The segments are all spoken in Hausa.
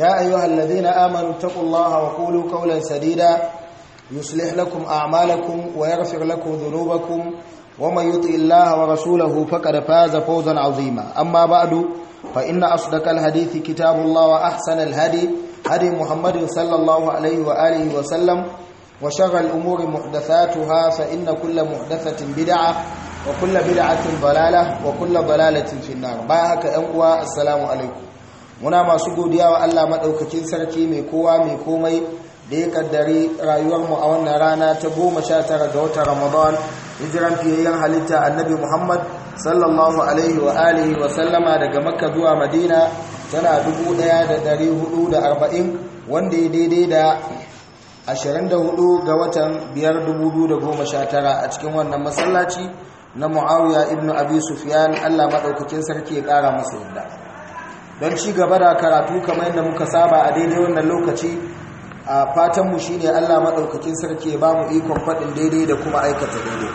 يا أيها الذين آمنوا اتقوا الله وقولوا قولا سديدا يصلح لكم أعمالكم ويغفر لكم ذنوبكم ومن يطع الله ورسوله فقد فاز فوزا عظيما أما بعد فإن أصدق الحديث كتاب الله وأحسن الهدي هدي محمد صلى الله عليه وآله وسلم وشر الأمور محدثاتها فإن كل محدثة بدعة وكل بدعة ضلالة وكل ضلالة في النار باهك أنقوى السلام عليكم muna masu godiya wa Allah maɗaukakin sarki mai kowa mai komai da ya kaddari rayuwarmu a wannan rana ta goma sha tara ga wata ramadan hijiran fiyayyen halitta annabi muhammad sallallahu alaihi wa alihi wa sallama daga makka zuwa madina tana arba'in wanda ya daidai da 24 ga watan sha tara a cikin wannan masallaci na muawiya ibnu abi sufyan allah maɗaukakin sarki ya ƙara masa yadda don ci gaba da karatu kamar yadda muka saba a daidai wannan lokaci a fatanmu shi ne allah maɗaukakin sarki ba mu ikon faɗin daidai da kuma aikata daidai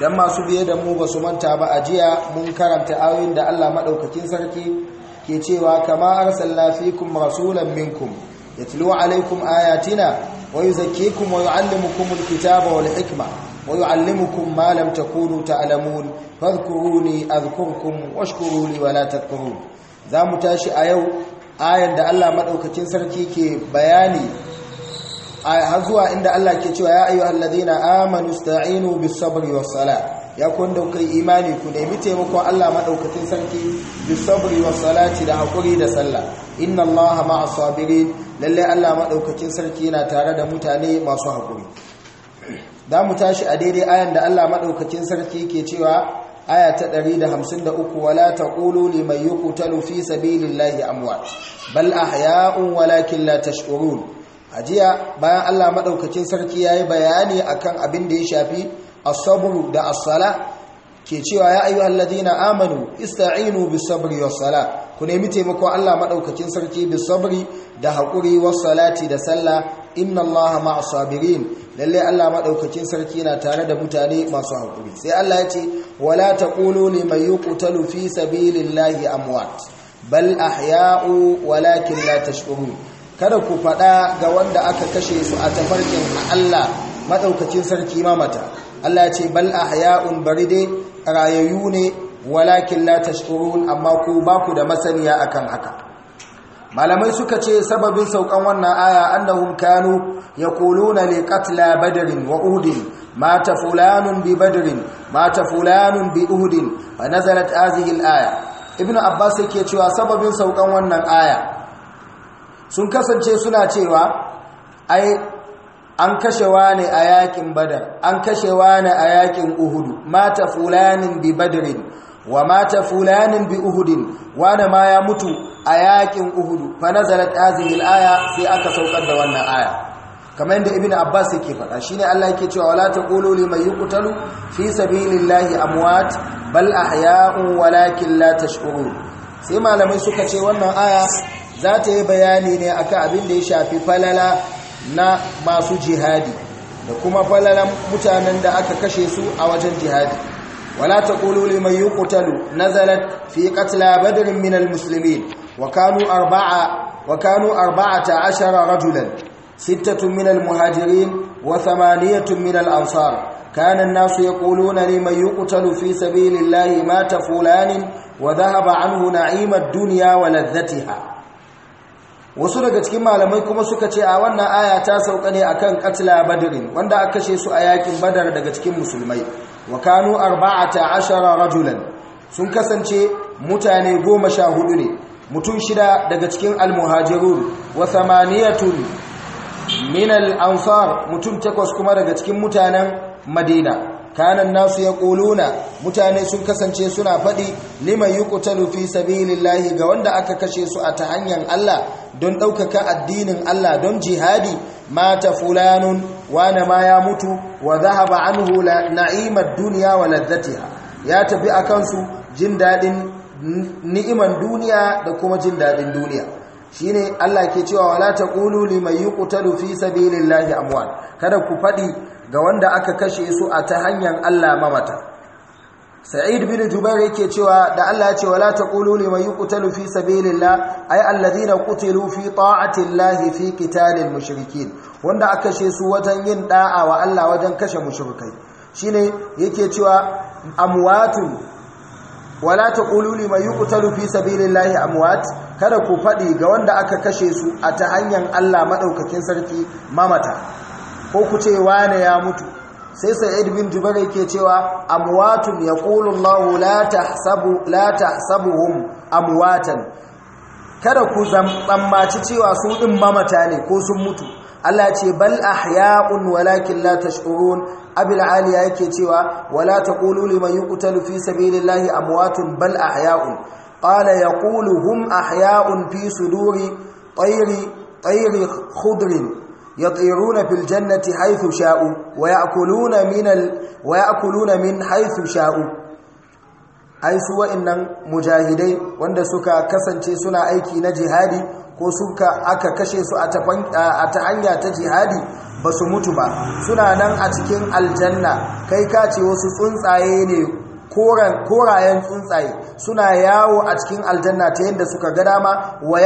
don masu biye da mu ba su manta ba a jiya mun karanta ayoyin da allah maɗaukakin sarki ke cewa kama arsalna fikum rasulan minkum yatlu alaikum ayatina wa yuzakkikum wa yuallimukum alkitaba wal hikma wa yuallimukum ma lam takunu ta'lamun fadhkuruni adhkurkum washkuru wa la tadhkurun za mu tashi a yau ayan da Allah maɗaukacin sarki ke bayani A zuwa inda Allah ke cewa ya ayyuhal na amanu sta'inu bis sabri was sala ya kun da imani ku nemi taimakon Allah maɗaukacin sarki bis sabri was salati da hakuri da sallah inna Allaha ma'as sabirin lalle Allah maɗaukacin sarki na tare da mutane masu hakuri za mu tashi a daidai ayan da Allah maɗaukacin sarki ke cewa aya ta 153 wala taqulu liman yuqtalu fi sabilillahi amwat bal ahya'un walakin la tash'urun ajiya bayan Allah madaukakin sarki yayi bayani akan abin da ya shafi as-sabr da as-sala ke cewa ya ayyuhalladhina amanu ista'inu bis-sabri was-sala ku nemi taimako Allah maɗaukacin sarki da sabri da Haƙuri was salati da sallah inna Allaha ma'as sabirin lalle Allah maɗaukacin sarki na tare da mutane masu hakuri sai Allah ya ce wala taqulu liman yuqtalu fi sabilillahi amwat bal ahya'u walakin la tashkurun kada ku faɗa ga wanda aka kashe su a tafarkin Allah maɗaukacin sarki mamata. mata Allah ya ce bal ahya'un baride rayayu ne walakin la tashkurun amma ku ba ku da masaniya akan haka malamai suka ce sababin saukan wannan aya annahum kanu yaquluna li qatla badrin wa uhudin mata fulanun bi badrin mata fulanun bi uhudin fa nazalat hadhihi al-aya ibnu abbas yake cewa sababin saukan wannan aya sun kasance suna cewa ai an kashewa wani a yakin badar an kashe wani a yakin uhudu mata fulanin bi badrin wa mata fulanin bi uhudin wani ma ya mutu a yakin uhudu fa nazalat hazihil aya sai aka saukar da wannan aya kamar yadda ibnu abbas yake faɗa shine Allah yake cewa wala taqulu liman yuqtalu fi sabilillahi amwat bal ahya'un walakin la tash'urun sai malamai suka ce wannan aya za ta yi bayani ne akan abin da ya shafi falala na masu jihadi da kuma falalan mutanen da aka kashe su a wajen jihadi ولا تقولوا لمن يقتل نزلت في قتل بدر من المسلمين وكانوا أربعة وكانوا أربعة عشر رجلا ستة من المهاجرين وثمانية من الأنصار كان الناس يقولون لمن يقتل في سبيل الله مات فلان وذهب عنه نعيم الدنيا ولذتها wasu daga cikin malamai kuma suka ce a wannan aya ta sauka ne akan katla badrin wanda aka kashe su a yakin badar daga cikin musulmai wa arba'a ta rajulan sun kasance mutane goma sha hudu ne mutum shida daga cikin almuhajirun wa samaniyatun min al-ansar mutum takwas kuma daga cikin mutanen madina kanan nasu ya ƙuluna mutane sun kasance suna faɗi liman yi ƙutalu fi sabilillahi ga wanda aka kashe su a ta hanyar Allah don ɗaukaka addinin Allah don jihadi mata fulanun wane ma ya mutu wa zahaba hula na'imar duniya wa lardatiya ya tafi a kansu jin daɗin ni'iman duniya da kuma jin daɗin duniya Shi ne Allah ke cewa wala taqulu yi yuqtalu fi sabilillahi amwal kada ku faɗi ga wanda aka kashe su a ta hanyar Allah mamata sa'id bin jubair yake cewa da Allah ya ce wala taqulu liman yuqtalu fi sabilillah ay alladhina qutilu fi Allah fi qitalil mushrikin wanda aka kashe su wajen yin da'a wa Allah wajen kashe mushrikai shine yake cewa amwatun wala taqulu liman yuqtalu fi sabilillah amwat kada ku fadi ga wanda aka kashe su a ta hanyar Allah madaukakin sarki mamata ko ku ce wane ya mutu sai sa'id bin jubair yake cewa amwatun yaqulu Allahu la tahsabu la tahsabuhum amwatan kada ku tsammaci cewa su din mamata ne ko sun mutu Allah ce bal ahya'un walakin la tash'urun abul aliya yake cewa wala taqulu liman yuqtalu fi sabilillahi amwatun bal ahya'un qala yaqulu hum ahya'un fi suduri tayri tayri khudrin يطيرون في الجنة حيث شاءوا ويأكلون من ال... ويأكلون من حيث شاءوا أي سوى إن مجاهدين وند سكا كسنتي سنا أيكي نجهادي ko suka aka kashe su a ta hanya ta jihadi ba su mutu ba suna nan a cikin aljanna kai ka ce wasu tsuntsaye ne korayen tsuntsaye suna yawo a cikin aljanna ta inda suka ga dama wa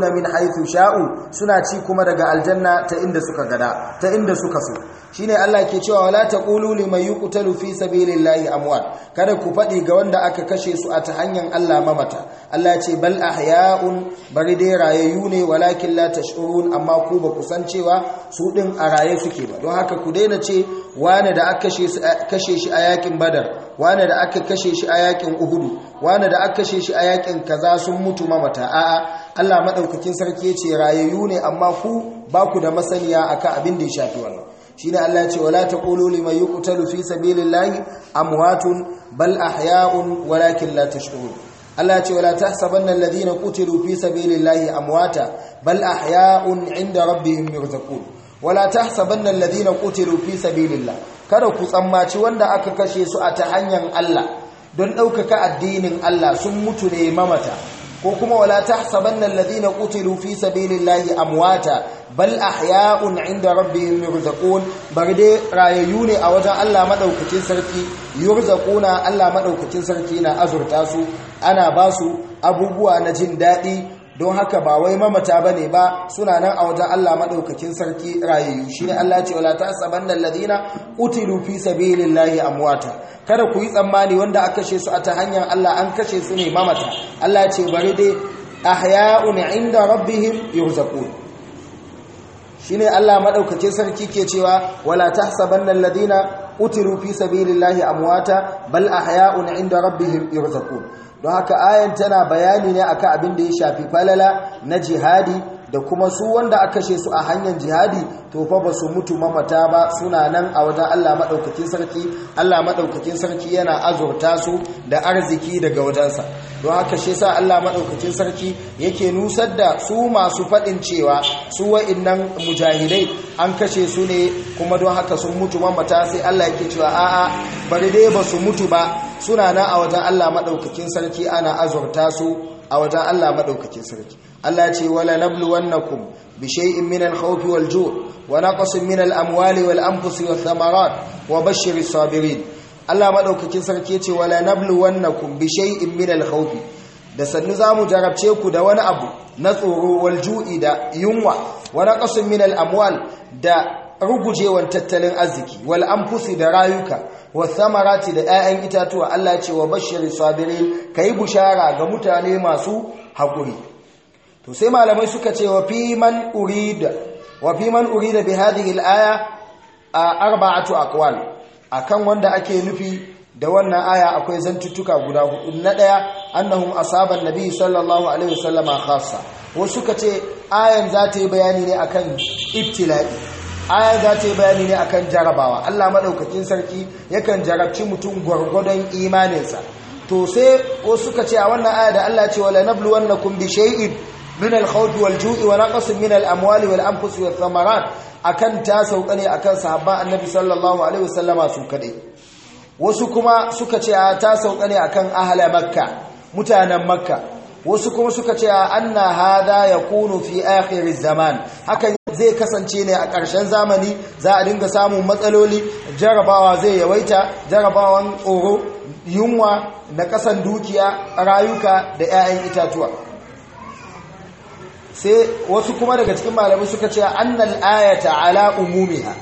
na min haythu sha'u suna ci kuma daga aljanna ta inda suka gada ta inda suka so shine Allah ke cewa wala taqulu liman yuqtalu fi sabilillahi amwat kada ku faɗi ga wanda aka kashe su a ta hanyar Allah mamata Allah ce bal ahya'un bari dai rayayyu ne walakin la tash'urun amma ku ba ku san cewa su ɗin a raye suke ba don haka ku daina ce wane da aka kashe shi a yakin badar wane da aka kashe shi a yakin uhudu wane da aka kashe shi a yakin kaza sun mutu mamata a'a Allah maɗaukakin sarki ya ce rayayyu ne amma ku ba ku da masaniya akan abin da ya shafi wannan shine Allah ce wala taqulu liman yuqtalu fi sabilillahi amwatun bal ahya'un walakin la tash'urun Allah ce wala tahsabanna alladhina qutilu fi sabilillahi amwata bal ahya'un 'inda rabbihim yurzaqun wala tahsabanna alladhina qutilu fi sabilillah kada ku tsammaci wanda aka kashe su a ta hanyar Allah don ɗaukaka addinin Allah sun mutu ne mamata ko kuma wala ta na alladhina qutilu fi sabilillahi amwata bal ahya'un 'inda rabbihim yurzaqun barde rayayu ne a wajen Allah madaukakin sarki yurzaquna Allah maɗaukacin sarki na azurta su ana basu abubuwa na jin daɗi. don haka ba wai mamata ba ne ba suna nan a wajen Allah maɗaukakin sarki rayayyu ne Allah ce wala tasabanna alladhina utilu fi lahi, amwata kada ku yi tsammani wanda aka kashe su a ta hanyar Allah an kashe su ne mamata Allah ce bari dai ahya'un 'inda rabbihim yurzaqun shine Allah maɗaukakin sarki ke cewa wala tahsabanna alladhina utiru fi lahi, amwata bal ahya'un 'inda rabbihim yurzaqun don haka ayan tana bayani ne akan abin da ya shafi falala na jihadi da kuma su wanda aka kashe su a hanyar jihadi to fa ba su mutu mamata ba suna nan a wajen Allah madaukakin sarki Allah madaukakin sarki yana azurta su da arziki daga wajensa don haka shi sa Allah madaukakin sarki yake nusar da su masu fadin cewa su wa'annan mujahidai an kashe su ne kuma don haka sun mutu mamata sai Allah yake cewa a'a bari dai ba su mutu ba suna nan a wajen Allah madaukakin sarki ana azurta su a wajen Allah madaukakin sarki Allah ce wala nabluwannakum bi shay'in min al-khawfi wal-ju' wa naqsin min al-amwali wal-anfusi wath-thamarat wa bashshiris sabirin Allah madaukakin sarki ce wala nabluwannakum bi shay'in min al-khawfi da sannu zamu jarabce ku da wani abu na tsoro wal-ju'i da yunwa wa naqsin min al-amwal da rugujewan tattalin arziki wal-anfusi da rayuka wasamarati da 'ya'yan itatuwa Allah ce wa bashirin sabirin kai bushara ga mutane masu haƙuri to sai malamai suka ce wa fi man urida wa fi man urida bi hadhihi al-aya arba'atu aqwal akan wanda ake nufi da wannan aya akwai zantuttuka guda hudu na daya annahum asaban nabi sallallahu alaihi wasallama khassa wasu suka ce ayan za ta yi bayani ne akan ibtila'i aya za ta yi bayani ne akan jarabawa Allah madaukakin sarki yakan jarabci mutum gwargwadon imaninsa to sai wasu suka ce a wannan aya da Allah ce wala nabluwannakum bi shay'in min al-khawfi wal ju'i wa naqas min al-amwali wal anfus wal thamarat akan ta sauka akan sahabban annabi sallallahu su wasu kuma suka ce ta sauka akan ahla makka mutanen makka wasu kuma suka ce anna hada yakunu fi akhir zaman hakan zai kasance ne a ƙarshen zamani za a dinga samun matsaloli jarabawa zai yawaita jarabawan oro yunwa na dukiya rayuka da 'ya'yan itatuwa sai wasu kuma daga cikin malamai suka ce annal ayata ala umumiha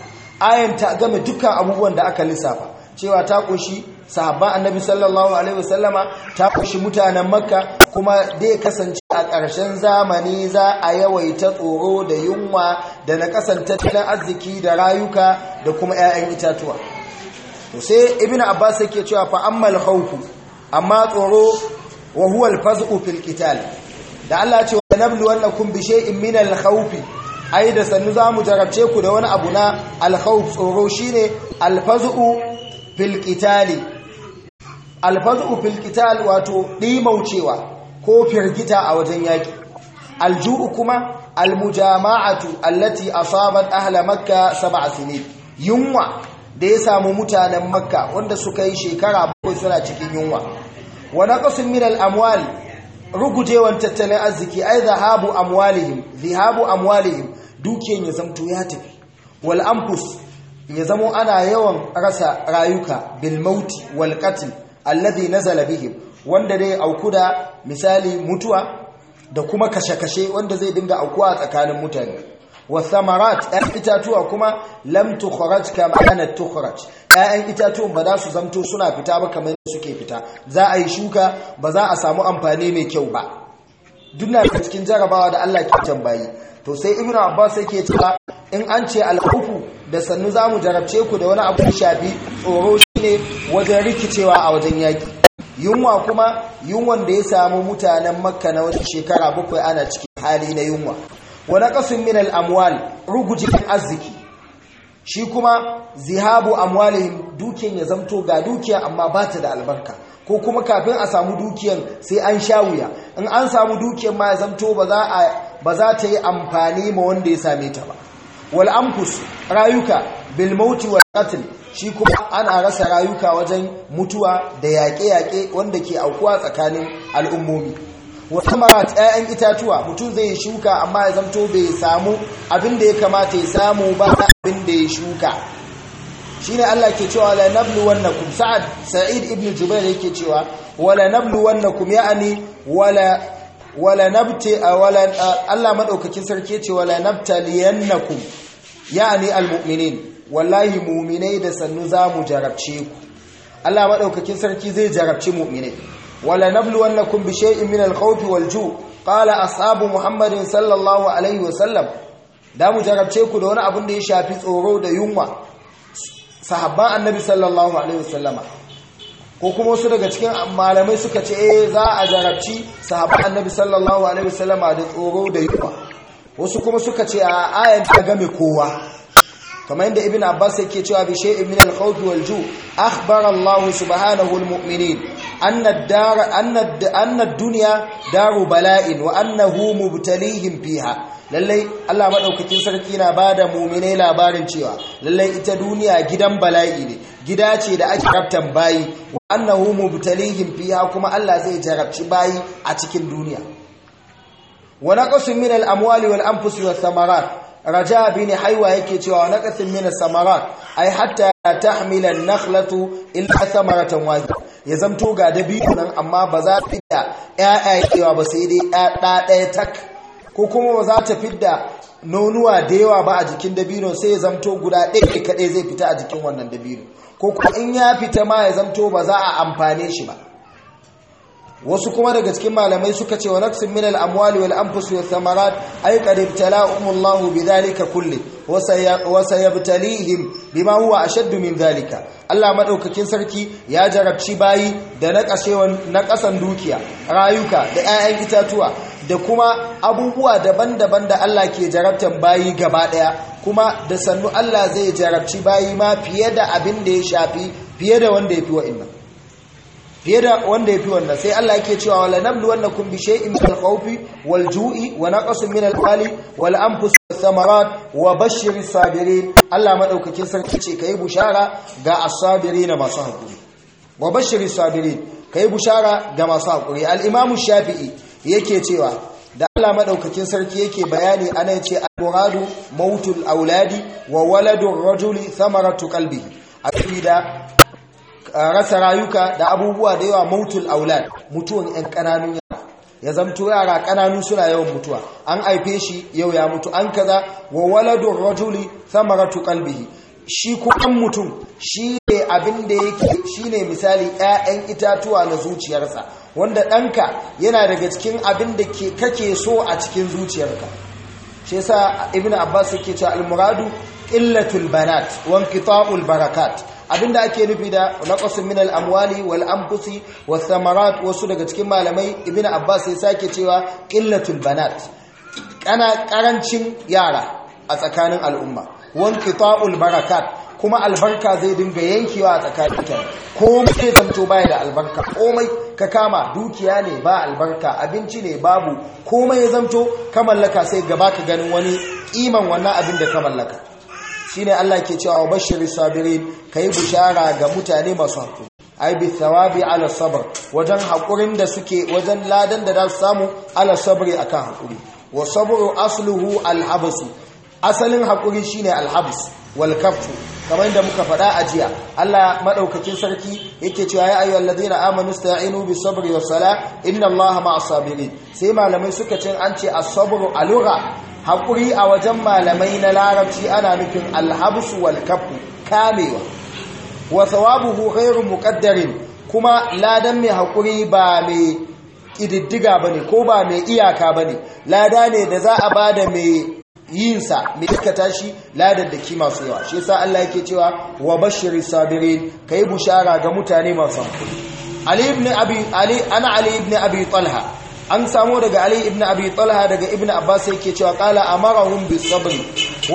ayan ta game dukkan abubuwan da aka lissafa cewa ta kunshi sahabban annabi sallallahu alaihi wasallama ta kunshi mutanen makka kuma dai kasance a ƙarshen zamani za a yawaita tsoro da yunwa da na tattalin arziki da rayuka da kuma 'ya'yan itatuwa sai ibnu abbas yake cewa fa ammal khawfu amma tsoro wa huwa al-fazu fil qital da Allah ce lanabluwannakum bi shay'in min al-khawfi ai da sannu zamu jarabce ku da wani abu na al-khawf tsoro shine al-fazu fil qitali al-fazu fil qital wato dimaucewa ko firgita a wajen yaki al-ju'u kuma al-mujama'atu allati asabat ahla makka sab'a sinin yunwa da ya samu mutanen makka wanda suka yi shekara bakwai suna cikin yunwa wa naqasun min al-amwali rugujewan tattalin arziki ai zahabu amwalihim zahabu amwalihim dukiyan ya zamto ya tafi wal anfus ya zamo ana yawan rasa rayuka bil mauti wal qatl alladhi nazala bihim wanda dai auku da misali mutuwa da kuma kashe-kashe wanda zai dinga aukuwa a tsakanin mutane wa thamarat itatuwa kuma lam tukhraj kama ana tukhraj 'ya'yan itatuwan ba za su zamto suna fita ba kamar suke fita za a yi shuka ba za a samu amfani mai kyau ba duna da cikin jarabawa da Allah ke tambayi to sai ibnu abbas yake cewa in an ce alhuku da sannu za mu jarabce ku da wani abu shafi tsoro ne wajen rikicewa a wajen yaki yunwa kuma yunwan da ya samu mutanen makka na wasu shekara bakwai ana cikin hali na yunwa Wani kasu min al'amwal rugujin arziki shi kuma zihabu amwalihim dukiyan ya zamto ga dukiya amma ba ta da albarka ko kuma kafin a samu dukiyan sai an sha wuya in an samu dukiyan ma ya zamto ba za ta yi amfani ma wanda ya same ta ba wal rayuka bil mauti wal shi kuma ana rasa rayuka wajen mutuwa da yaƙe-yaƙe wanda ke aukuwa tsakanin al'ummomi wasamarat 'ya'yan itatuwa mutum zai shuka amma ya zamto bai samu abin da ya kamata ya samu ba abin da ya shuka shine Allah ke cewa la nabluwannakum sa'ad sa'id ibn jubair yake cewa wala nabluwannakum ya'ani wala wala nabti wala Allah madaukakin sarki ce wala nabtaliyannakum ya'ani almu'minin wallahi mu'minai da sannu zamu jarabce ku Allah madaukakin sarki zai jarabci mu'minai wala nabluwannakum bi shay'in min al-khawfi wal-ju' qala ashabu muhammadin sallallahu alaihi wasallam da mu jarabce ku da wani abin da ya shafi tsoro da yunwa sahabban annabi sallallahu alaihi wasallama ko kuma wasu daga cikin malamai suka ce eh za a jarabci sahabban annabi sallallahu alaihi wasallama da tsoro da yunwa wasu kuma suka ce a ayan ta game kowa kamar yadda ibn abbas yake cewa bi shay'in min al-khawf wal ju' akhbara allah subhanahu al-mu'minin annad duniya daru bala'in wa annahu mubtalihim fiha lallai Allah madaukakin sarki na bada mu'minai labarin cewa lallai ita duniya gidan bala'i ne gida ce da ake rabtan bayi wa annahu mubtalihim fiha kuma Allah zai jarabci bayi a cikin duniya wa naqasun min al-amwali wal anfusi was samarat raja bin haiwa yake cewa naqasin min as-samarat ay hatta tahmila an-nakhlatu illa samaratan wahida ya zamto ga dabino nan amma ba za ta fidda ƴaƴayewa ba sai dai ɗa ɗaya tak ko kuma ba za ta fidda nonuwa da yawa ba a jikin dabino sai ya zamto guda ɗaya kaɗai zai fita a jikin wannan dabino ko kuma in ya fita ma ya zamto ba za a amfane shi ba wasu kuma daga cikin malamai suka ce wa naqsin min al-amwali wal anfus wal thamarat ay qad kulle Allahu bidhalika kulli wa sayabtalihim bima huwa ashaddu min dhalika Allah madaukakin sarki ya jarabci bayi da na kasan dukiya rayuka da 'ya'yan itatuwa da kuma abubuwa daban-daban da Allah ke jarabtan bayi gaba ɗaya kuma da sannu Allah zai jarabci bayi ma fiye da abin da ya shafi fiye da wanda ya fi wa'annan fiye da wanda ya fi wannan sai Allah yake cewa wala nablu kun bi shay'in min al-khawfi wal ju'i wa naqsu min al-mali wal anfus samarat wa bashir sabirin Allah madaukakin sarki ce kai bushara ga as-sabirin masu hakuri wa bashir sabirin kai bushara ga masu hakuri al-imam shafi'i yake cewa da Allah madaukakin sarki yake bayani ana ce al-muradu mautul auladi wa waladu rajuli thamaratu qalbihi a da rasa rayuka da abubuwa da yawa mautul aulad mutuwan yan kananun yara ya zamto yara kananu suna yawan mutuwa an haife shi yau ya mutu an kaza wa waladu rajuli thamaratu qalbihi shi ko an mutum shi ne abin da yake shi ne misali 'ya'yan itatuwa na zuciyarsa wanda ɗanka yana daga cikin abin da kake so a cikin zuciyarka shi yasa ibn abbas yake cewa al-muradu qillatul banat wa inqita'ul barakat abinda ake nufi da naqasun min al-amwali wal anfusi was samarat wasu daga cikin malamai ibnu abbas ya sake cewa qillatul banat kana karancin yara a tsakanin al'umma wanqita'ul barakat kuma albarka zai dinga yankewa a tsakaninka ko mai zamto baya da albarka komai ka kama dukiya ne ba albarka abinci ne babu komai ya zamto ka mallaka sai gaba ka ganin wani kiman wannan abin da ka mallaka shine Allah ke cewa bashiri sabirin kai bushara ga mutane masu hakuri ai bi thawabi ala sabr wajen haƙurin da suke wajen ladan da za su samu ala sabri akan hakuri wa sabru asluhu al asalin haƙuri shine alhabs habs wal kaffu kamar da muka faɗa a jiya Allah madaukakin sarki yake cewa ya ayyuhal ladina amanu sta'inu bis sabri was sala inna Allaha ma'as sabirin sai malamai suka ce an ce as-sabru a lugha haƙuri a wajen malamai na larabci ana nufin alhabsu wal kafu kamewa wa thawabuhu khairu muqaddarin kuma ladan mai haƙuri ba mai ƙididdiga bane ko ba mai iyaka bane lada ne da za a bada mai yinsa mai Ladan shi kima masu yawa shi yasa Allah yake cewa wa bashiri sabirin kai bushara ga mutane masu hankali Ali ibn Abi Ali ana Ali ibn Abi Talha an samu daga ali ibn abi talha daga ibn abbas yake cewa qala amarahum bis sabr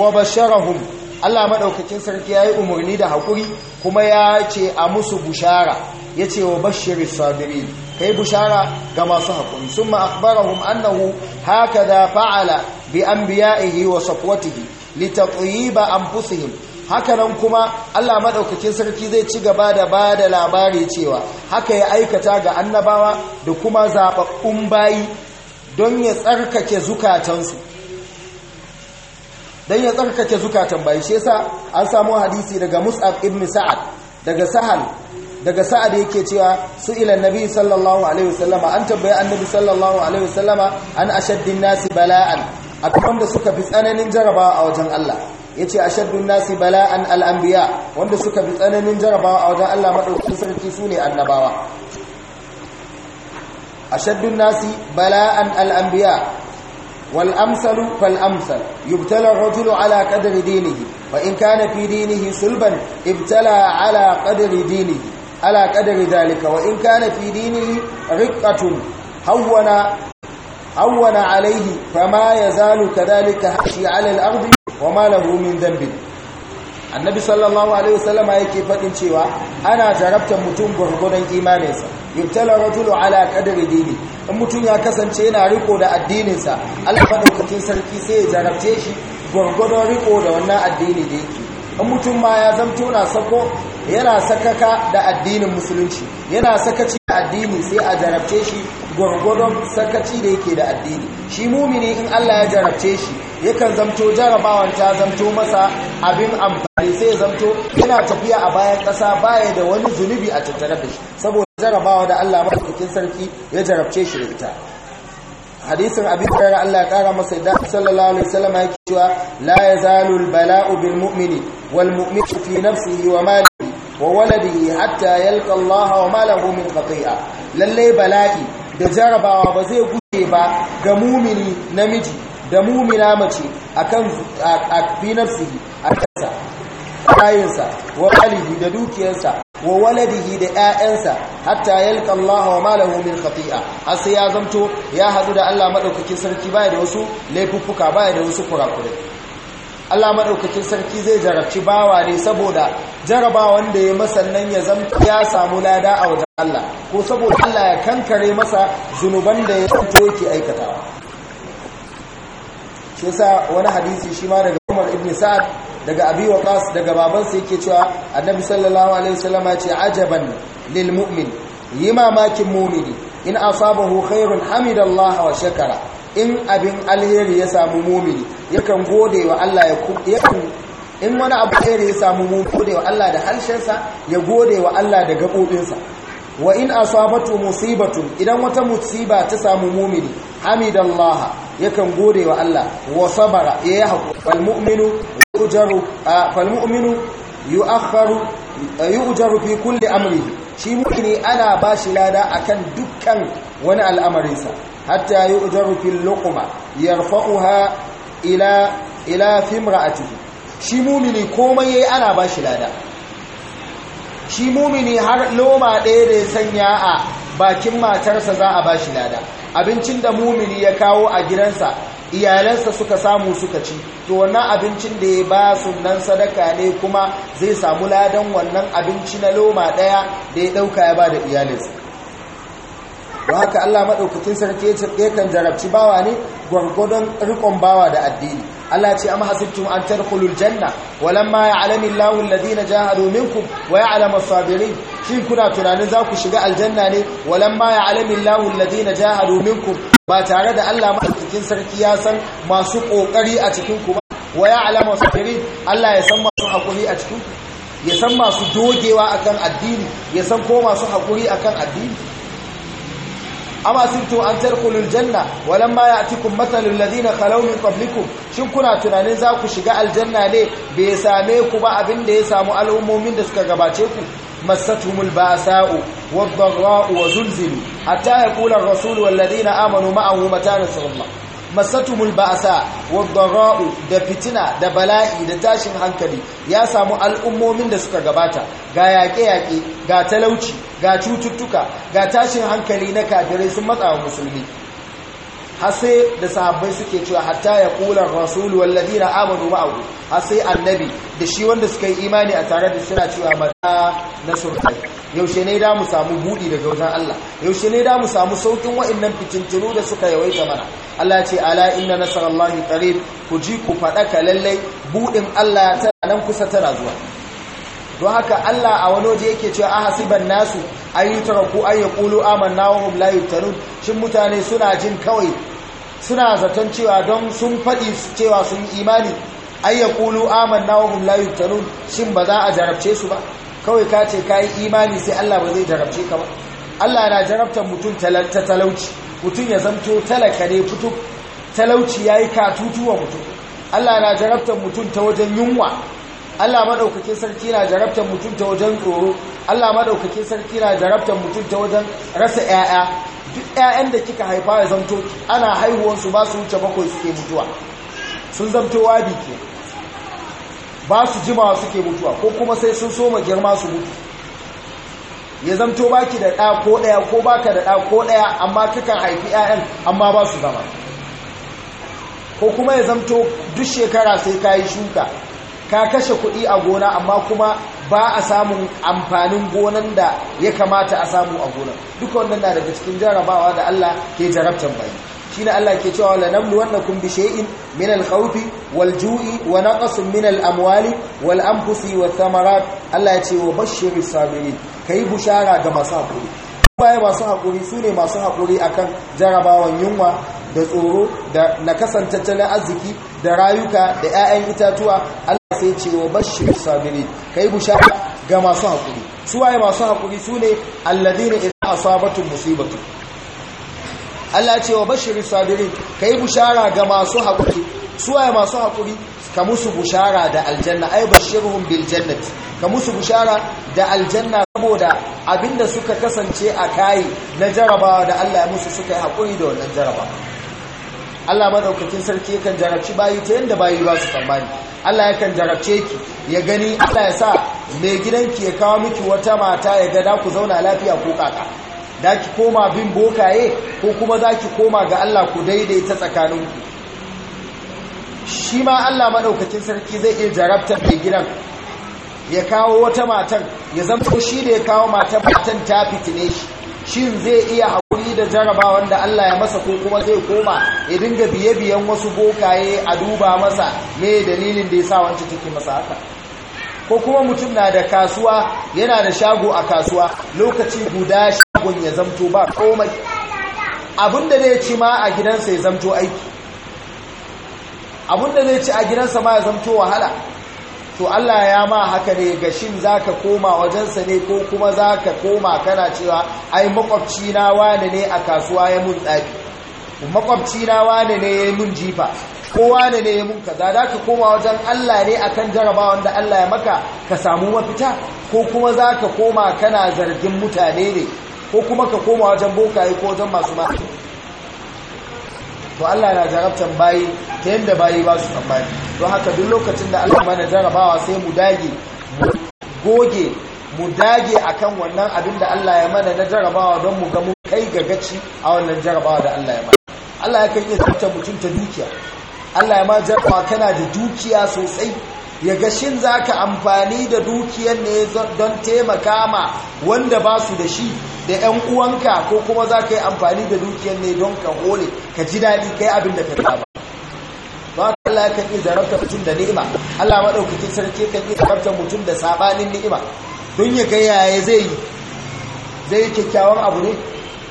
wa basharahum Allah madaukakin sarki yayi umarni da hakuri kuma ya ce a musu bushara yace wa bashiri sabirin kai bushara ga masu hakuri summa akhbarahum annahu hakadha fa'ala bi anbiya'ihi wa safwatihi litatyiba anfusihim hakanan kuma Allah maɗaukakin sarki zai ci gaba da ba da labari cewa haka ya aikata ga annabawa da kuma zaɓaɓɓun bayi don ya tsarkake zukatansu don ya tsarkake zukatan bayi shi yasa an samu hadisi daga Mus'ab ibn Sa'ad daga Sahal daga sa'ad yake cewa su ila nabi sallallahu alaihi wasallama an tabbaya annabi sallallahu alaihi wasallama an ashaddin nasi bala'an akwai da suka fi tsananin jarabawa a wajen Allah yace ashaddun nasi bala'an al'ambiya anbiya wanda suka bi tsananin jarabawa a wajen Allah madaukakin sarki ne annabawa ashaddun nasi bala'an al'ambiya wal amsalu fal amsal yubtala ar-rajulu ala qadri dinihi in kana fi dinihi sulban ibtala ala qadri dinihi ala qadri dhalika wa in kana fi dinihi riqqatun hawwana hawwana alayhi ya zalu kadhalika hashi ala al-ardi wa ma lahu min annabi sallallahu alaihi wasallama yake fadin cewa ana jarabtar mutum gurgudan imaninsa yubtala rajulu ala qadri dini in mutum ya kasance yana riko da addininsa Allah daukacin sarki sai ya jarabce shi gurgudan riko da wannan addini da yake in mutum ma ya zamto na sako yana sakaka da addinin musulunci yana sakaci da addini sai a jarabce shi gurgudan sakaci da yake da addini shi mumini in Allah ya jarabce shi yakan zamto jarabawar ta zamto masa abin amfani sai zamto yana tafiya a bayan ƙasa baya da wani zunubi a tattare da shi saboda jarabawa da Allah cikin sarki ya jarabce shi da ita hadisin abin da Allah ya kara masa da sallallahu alaihi wasallam yake cewa la yazalu al-bala'u bil mu'mini wal mu'minu fi nafsihi wa malihi wa waladihi hatta yalqa Allah wa ma lahu min qati'a lalle bala'i da jarabawa ba zai guje ba ga mumini namiji da mumina mace akan fi nafsihi a kansa wa malihi da dukiyarsa wa waladihi da 'ya'yansa hatta yalqa Allah wa malahu min khati'a har ya zamto ya hadu da Allah madaukakin sarki baya da wasu laifuffuka baya da wasu kurakure Allah madaukakin sarki zai jarabci bawa ne saboda jaraba wanda ya masannan ya zamto ya samu lada a wajen Allah ko saboda Allah ya kankare masa zunuban da ya zanto yake aikatawa shi yasa wani hadisi shi ma daga Umar ibn Sa'ad daga Abi Waqas daga babansa yake cewa Annabi sallallahu alaihi wasallam ya ce ajaban lil mu'min yi mamakin mu'mini in asabahu khairun hamidallahi wa shakara in abin alheri ya samu mu'mini yakan gode wa Allah ya in wani abu alheri ya samu mu'mini gode wa Allah da sa ya gode wa Allah da sa wa in asabatu musibatu idan wata musiba ta samu mu'mini hamidallahi yakan gode wa Allah wa sabara ya yi haƙuri falmu'minu yujaru fi kulli amri shi ana ba shi lada akan dukkan wani al'amarinsa hatta yujaru fil luqma yarfa'uha ila a cikin, shi mu'mini komai yayi ana ba shi lada shi mu'mini har loma ɗaya da ya sanya a bakin matarsa za a bashi lada abincin da mumini ya kawo a gidansa iyalansa suka samu suka ci to wannan abincin da ya ba su nan sadaka ne kuma zai samu ladan wannan abinci na loma daya da ya dauka ya ba da iyalinsa don haka Allah maɗa'ukacin sarki ya kan jarabci bawa ne gwargwadon rikon bawa da addini Allah ce amma hasibtum an tadkhulul janna walamma ya'lamu Allahu alladhina jahadu minkum wa ya'lamu as-sabirin shin kuna tunanin za ku shiga aljanna ne ma ya alamin lahul ladina jahadu minkum ba tare da Allah madaukakin sarki ya san masu kokari a cikin ku ba wa ya alama sabiri Allah ya san masu hakuri a cikin ya san masu dogewa akan addini ya san ko masu hakuri akan addini amma sun to an tarkulul janna ma ya'tikum matalul ladina khalaw min qablikum shin kuna tunanin za ku shiga aljanna ne bai same ku ba abin da ya samu al'ummomin da suka gabace ku مستهم الباساء والضراء وزلزلوا حتى يقول الرسول والذين آمنوا da متى نصر الله masatumul ba'sa wadara'u da fitina da bala'i da tashin hankali ya samu al'ummomin da suka gabata ga yaƙe-yaƙe ga talauci ga cututtuka ga tashin hankali na kafirai sun matsa wa musulmi hasai da sahabbai suke cewa hatta ya kula rasul walladina amanu ma'ahu hase annabi da shi wanda suka yi imani a tare da suna cewa mata nasrullahi yaushe ne da mu samu budi daga wajen Allah yaushe ne da mu samu saukin wa'annan fitintunu da suka yawaita mana Allah ce ala inna nasrullahi qarib ku ji ku fadaka lallai. budin Allah ta nan kusa tana zuwa don haka Allah a wani waje yake cewa ahasiban nasu ayyutaraku ayyaqulu amanna wa hum la yuftanun shin mutane suna jin kawai suna zaton cewa don sun faɗi cewa sun imani ayyaqulu amanna wa hum la yuftanun shin ba za a jarabce su ba kawai ka ce kai imani sai Allah ba zai jarabce ka ba Allah na jarabtar mutum ta talauci mutum ya zamto talaka ne fito talauci yayi katutuwa mutum Allah na jarabtar mutum ta wajen yunwa Allah madaukakin sarki na jarabtar mutum ta wajen tsoro Allah madaukakin sarki na jarabtar mutum ta wajen rasa 'ya'ya duk 'ya'yan da kika haifa ya zanto ana haihuwansu ba su wuce bakwai suke mutuwa sun zanto wabi ke ba su jimawa suke mutuwa ko kuma sai sun soma girma su mutu ya zanto baki da ɗa ko ɗaya ko baka da ɗa ko ɗaya amma kakan haifi 'ya'yan amma ba su zama ko kuma ya zanto duk shekara sai ka yi shuka ka kashe kuɗi a gona amma kuma ba a samun amfanin gonan da ya kamata a samu a gona. duka wannan na daga cikin jarabawa da Allah ke jarabtan bayi ne Allah ke cewa wannan kun bi sha'in min al wal-ju'i wa naqsin min al-amwali wal-anfusi wa thamarat Allah ya ce wa bashiris sabiri kai bushara ga masu hakuri baya masu hakuri sune masu hakuri akan jarabawan yunwa da tsoro da nakasan na arziki da rayuka da 'ya'yan itatuwa Allah sai ce wa bashir sabiri kai bushara ga masu hakuri su waye masu hakuri su ne alladina idza asabatu musibatu Allah ce wa bashir sabiri kai bushara ga masu hakuri su waye masu hakuri ka musu bushara da aljanna ai bashirhum bil jannati ka musu bushara da aljanna saboda abinda suka kasance a kai na jarabawa da Allah ya musu suka yi hakuri da wannan jarabawa Allah madaukakin sarki yakan jarabci bayi ta yanda bayi ba su tsammani Allah yakan jarabce ki ya gani Allah ya sa mai gidanki ya kawo miki wata mata ya gada ku zauna lafiya ko kaka da ki koma bin bokaye ko kuma za ki koma ga Allah ku daidaita tsakaninku shi ma Allah madaukakin sarki zai iya jarabtar mai gidan ya kawo wata matan ya zama shi da ya kawo matan matan ta fitine shi shin zai iya da jarabawan da Allah ya masa ko kuma zai koma ya dinga biye-biyen wasu bokaye a duba masa me dalilin da ya sa wancan cikin masa haka ko kuma mutum na da kasuwa yana da shago a kasuwa lokaci guda shagon ya zamto ba komai abinda zai ci ma a gidansa ya zamto aiki abinda zai ci a gidansa ma ya zamto wahala to Allah ya ma haka ne ga shin zaka koma wajensa ne ko kuma zaka koma kana cewa ai makwabci na wani ne a kasuwa ya mun tsabi makwabci na wani ne ya mun jifa ko wani ne ya mun kaza Za ka koma wajen Allah ne akan jarabawar da Allah ya maka ka samu mafita ko kuma zaka koma kana zargin mutane ne ko kuma ka koma wajen bokaye ko wajen masu masu to Allah na jarabtan bayi ta yadda bayi ba su tsammani don haka duk lokacin da Allah mana jarabawa sai mu dage mu goge mu dage akan wannan abin da Allah ya mana na jarabawa don mu ga mu kai ga gaci a wannan jarabawa da Allah ya mana Allah ya kan iya tsafta mutum ta dukiya Allah ya ma jarabawa kana da dukiya sosai ya ga shin za ka amfani da dukiyar ne don taimaka ma wanda ba su da shi da 'yan uwanka ko kuma za ka yi amfani da dukiyar ne don ka hole ka ji daɗi kai abin da ka saba ba ka Allah kan iya zarabta mutum da ni'ima Allah maɗaukakin sarki kan iya zarabta mutum da sabanin ni'ima don ya ga yaya zai yi zai yi kyakkyawan abu ne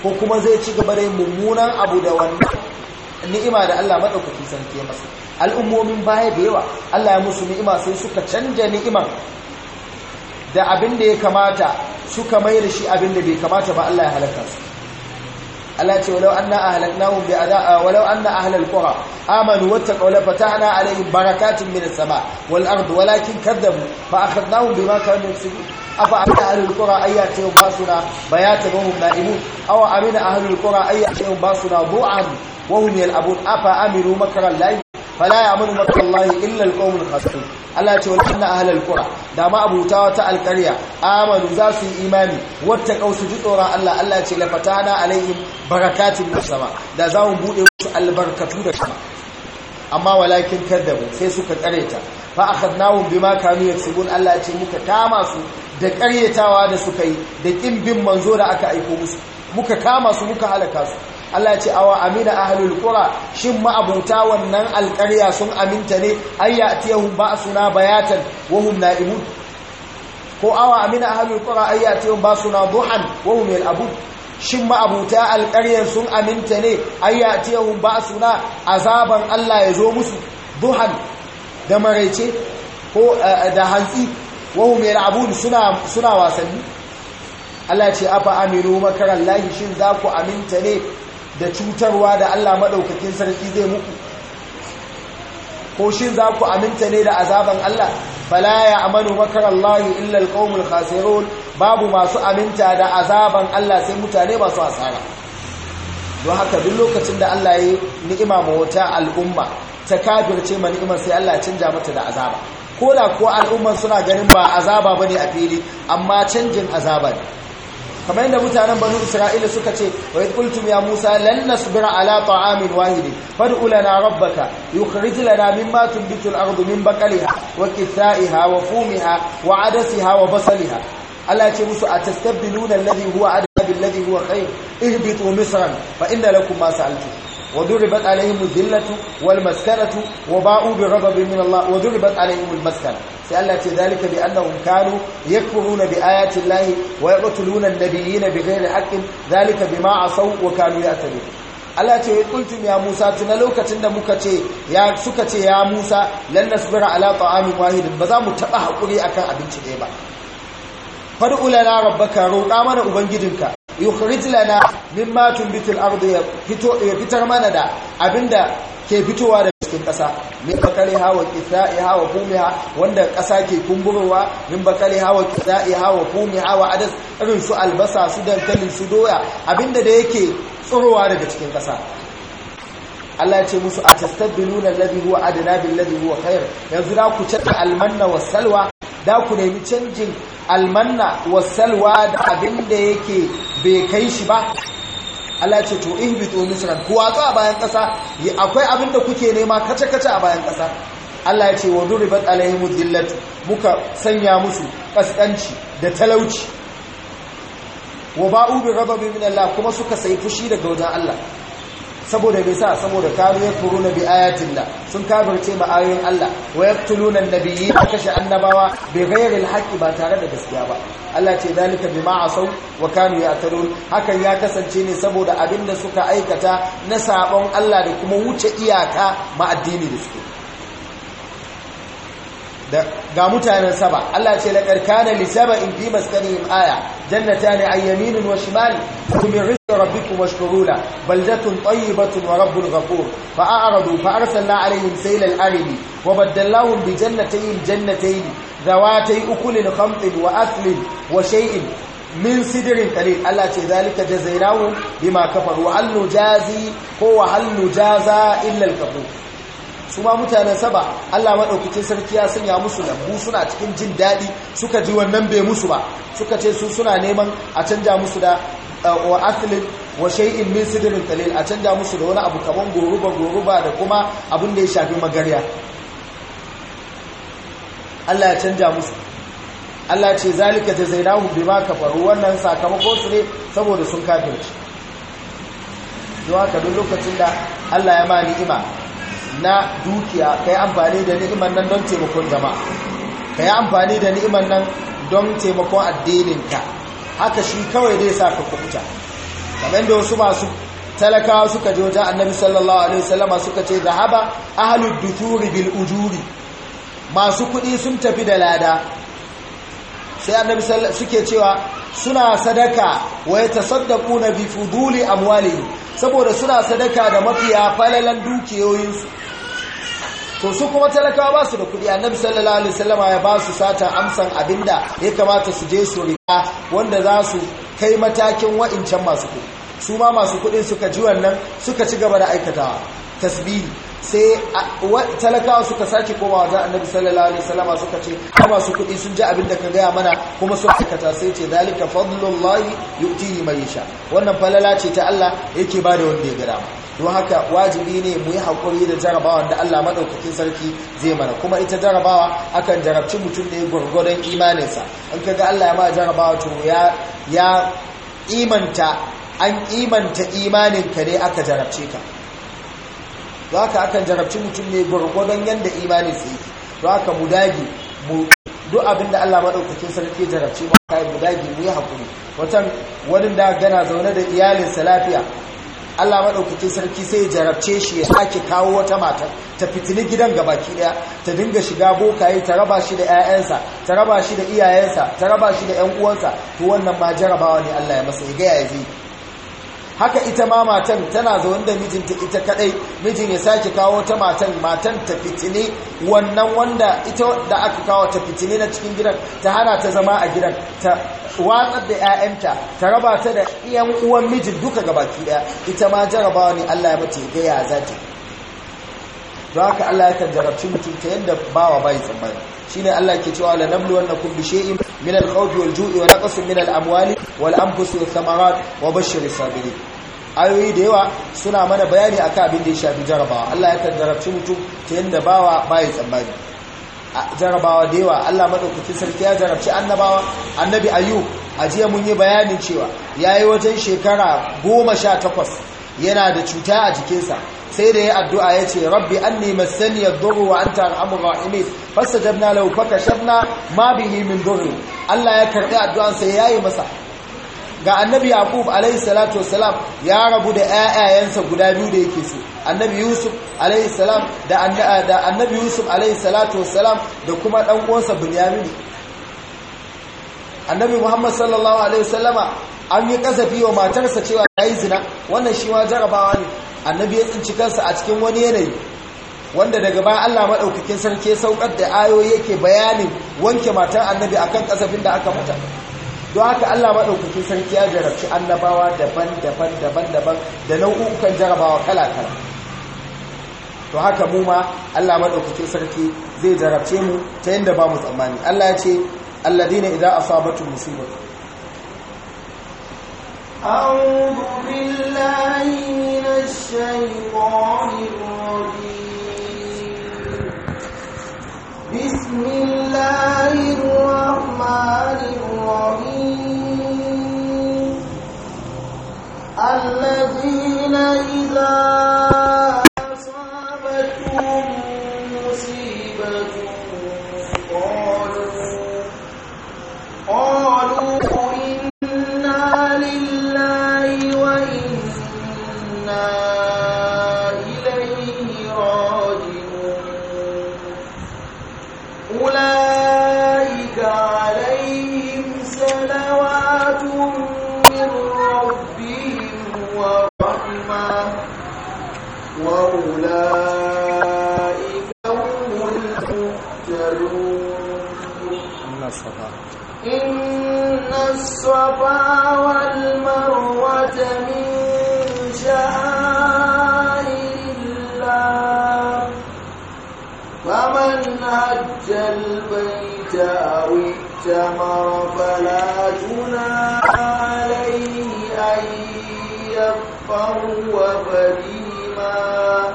ko kuma zai ci gaba da yin mummunan abu da wannan ni'ima da Allah maɗaukakin sarki ya masa al'ummomin baya da yawa Allah ya musu ni'ima sai suka canja ni'iman da abin da ya kamata suka mai da shi abin da bai kamata ba Allah ya halaka su Allah ce walau anna ahlaknahum bi adaa walau anna ahlal qura amanu wattaqaw la fatahna alayhim barakatin minas sama wal ard walakin kadzabu fa akhadnahum bima kanu yaksubun afa amina ahlul qura ayatihum basuna bayatan wa hum na'imun aw amina ahlul qura ayatihum basuna du'an wa hum yal'abun afa amilu makran la fala ya'muru makallahi illa alqawmul khasirun Allah ce wa inna ahlal qura da ma abuta wata alqarya amanu za su yi imani wata kausu ji tsoron Allah Allah ce la fatana alaihim barakatun min sama da za mu bude musu albarkatu da sama amma walakin kaddabu sai suka kareta fa akhadnahum bima kanu yaksubun Allah ce muka kama su da karyatawa da suka yi da ƙimbin manzo da aka aiko musu muka kama su muka halaka su Allah ce awa amina ahlul qura shin ma'abuta wannan alƙarya sun aminta ne ayyatiyahum ba'suna bayatan wa hum na'imun ko awa amina ahlul qura ayyatiyahum ba'suna duhan wa hum yal'abun shin ma'abuta alƙaryar sun aminta ne ayyatiyahum ba'suna azaban Allah ya zo musu duhan da maraice ko eh, da hantsi wa hum yal'abun suna suna wasanni Allah ce afa aminu makarallahi shin za ku aminta ne da cutarwa da Allah maɗaukakin sarki zai muku ko shi za ku aminta ne da azaban Allah fala ya amanu yi illa alqaumul khasirun babu masu aminta da azaban Allah sai mutane masu asara don haka duk lokacin da Allah ya ni'ima ma wata al'umma ta kafirce ma ni'imar sai Allah canja mata da azaba ko da kuwa al'umman suna ganin ba azaba ba ne a fili amma canjin azaba ne kamar yadda mutanen banu isra'ila suka ce wa idh ya musa lan nasbira ala ta'amin wahidi fad'u lana rabbaka yukhrij lana mimma tunbitu al-ardu min baqaliha wa qithaiha wa fumiha wa 'adasiha wa basaliha Allah ce musu atastabdiluna alladhi huwa adna billadhi huwa khair ihbitu misran fa inna lakum ma sa'altum وضربت عليهم الذلة والمسكنة وباءوا بغضب من الله وضربت عليهم المسكنة سألت ذلك بأنهم كانوا يكفرون بآيات الله ويقتلون النبيين بغير حق ذلك بما عصوا وكانوا يأتلون Allah ce kultum ya Musa tuna lokacin da muka ce ya suka ce ya Musa lan nasbira ala ta'amin wahidin ba za mu taba hakuri akan abinci ɗaya ba fad'u lana rabbaka roƙa mana ubangijinka yukhrij lana mimma tunbitu al-ard ya ya fitar mana da abinda ke fitowa da cikin ƙasa min bakali hawa ya hawa fumiha wanda kasa ke kumburwa min bakali hawa kitha'i hawa fumiha wa adas irin su albasa su dankali su doya abinda da yake tsirowa daga cikin kasa Allah ya ce musu a tastabbiluna alladhi huwa adna billadhi huwa khair yanzu da ku canza almanna wasalwa da ku nemi canjin almanna wasalwa da abin da yake bai kai shi ba Allah ce to in bito misran ku watsa a bayan ƙasa akwai abin da kuke nema kace-kace a bayan ƙasa Allah ya ce wa duribat alaihimu dillatu muka sanya musu kaskanci da talauci wa ba'u bi ghadabi min Allah kuma suka sai fushi daga wajen Allah saboda bai sa saboda kariyar ya kuru na bi'ayatin da sun kafirce ma ayoyin Allah wa biyi nabiyyi kashe annabawa bai ghayril haqqi ba tare da gaskiya ba Allah ce bi bima asaw wa kanu ya'tarun hakan ya kasance ne saboda abin da suka aikata na sabon Allah da kuma wuce iyaka ma addini da suke ga mutanen saba Allah ce la karkana li saba in fi maskanihim aya jannatani an wa shimal ربكم واشكروا له بلدة طيبة ورب غفور فأعرضوا فأرسلنا عليهم سيل العرم وبدلناهم بجنتين جنتين ذواتي أكل خمط وأكل وشيء min sidirin qalil Allah ce zalika jazairahum bima kafaru wa hal nujazi ko wa hal nujaza su ma mutanen saba Allah maɗaukacin sarki ya sanya musu lambu suna cikin jin dadi suka ji wannan bai musu ba suka ce su suna neman a canja musu da wa aslin wa shay'in min sidrin talil a canja musu da wani abu kaman goruba goruba da kuma abin da ya shafi magarya Allah ya canja musu Allah ce zalika jazainahum bima kafaru wannan sakamako su ne saboda sun kafirci zuwa ka duk lokacin da Allah ya ma ni'ima na dukiya kai amfani da ni'iman nan don taimakon jama'a kai amfani da ni'iman nan don taimakon addininka haka shi kawai zai sa ka kubuta kamar da wasu masu talakawa suka je wajen annabi sallallahu alaihi wasallama suka ce zahaba ahlud duturi bil ujuri masu kudi sun tafi da lada sai annabi suke cewa suna sadaka wa na bi fuduli amwalihi saboda suna sadaka da mafiya falalan dukiyoyinsu to su kuma talakawa ba su da kudi annabi sallallahu alaihi wasallama ya ba su sata amsan abinda ya kamata su je su riga wanda za su kai matakin wa'incan masu kudi su ma masu kudin suka ji wannan suka ci gaba da aikatawa tasbihi sai talakawa suka sake koma wajen annabi sallallahu alaihi wasallama suka ce a masu kudi sun ji abinda ka gaya mana kuma sun aikata sai ce zalika fadlullahi yu'tihi man yasha wannan falala ce ta Allah yake ba da wanda ya gada mu don haka wajibi ne mu yi haƙuri da jarabawa da Allah maɗaukakin sarki zai mana kuma ita jarabawa akan jarabci mutum ne gwargwadon imaninsa in ka ga Allah ya ma jarabawa to ya ya imanta an imanta imaninka ne aka jarabce ka don haka akan jarabci mutum ne gwargwadon yadda imaninsa yake don haka mu dage mu duk abin da Allah maɗaukakin sarki jarabce mu kai mu dage mu yi haƙuri watan wani da gana zaune da iyalinsa lafiya Allah maɗaukakin sarki sai ya jarabce shi ya sake kawo wata mata ta fitini gidan ga baki ɗaya ta dinga shiga bokaye ta raba shi da 'ya'yansa ta raba shi da iyayensa ta raba shi da yan'uwansa uwansa to wannan ma jarabawa ne Allah ya masa ya gaya ya zai haka ita ma matan tana zaune da mijinta ita kadai mijin ya sake kawo ta matan matan ta fitine wannan wanda ita da aka kawo ta fitine na cikin gidan ta hana ta zama a gidan ta watsar da 'ya'yanta ta raba ta da iyan uwan mijin duka gabaki daya ita ma jarabawa ne Allah ya mace ga ya zata don haka Allah ya jarabci mutum ta yadda bawa bai tsammani shine Allah ke cewa la nablu na bi shay'in min al wal ju'i wa naqsin min amwali wal anfusi wath thamarat wa bashir as ayoyi da yawa suna mana bayani akan abin da ya shafi jarabawa Allah ya jarabci mutum ta yadda bawa bai tsammani jarabawa da yawa Allah madaukakin sarki ya jarabci annabawa annabi a jiya mun yi bayanin cewa yayi wajen shekara goma sha takwas yana da cuta a jikinsa sai da ya addu'a ya ce rabbi anni massani yadurru wa anta arhamur rahimin fastajabna lahu fakashafna ma bihi min durri Allah ya karɓi addu'an sai yayi masa ga annabi yaqub alayhi salatu ya rabu da ayayansa guda biyu da yake so annabi yusuf alayhi salam da annabi yusuf alayhi salatu da kuma ɗan uwansa binyamin annabi muhammad sallallahu alaihi an yi kasafi wa matarsa cewa yi zina wannan shi ma jarabawa ne annabi ya tsinci kansa a cikin wani yanayi wanda daga bayan Allah maɗaukakin sarki ya saukar da ayoyi yake bayanin wanke matan annabi akan kasafin da aka mata don haka Allah maɗaukakin sarki ya jarabci annabawa daban-daban daban-daban da nau'ukan jarabawa kala-kala to haka mu ma Allah maɗaukakin sarki zai jarabce mu ta yadda ba mu tsammani Allah ya ce alladina idan asabatu musibatu أعوذ بالله من الشيطان الرجيم الذين إذا إن الصفا والمروة من شعائر الله فمن هج البيت أو ائتمر فلا تنا عليه أن يطوف بهما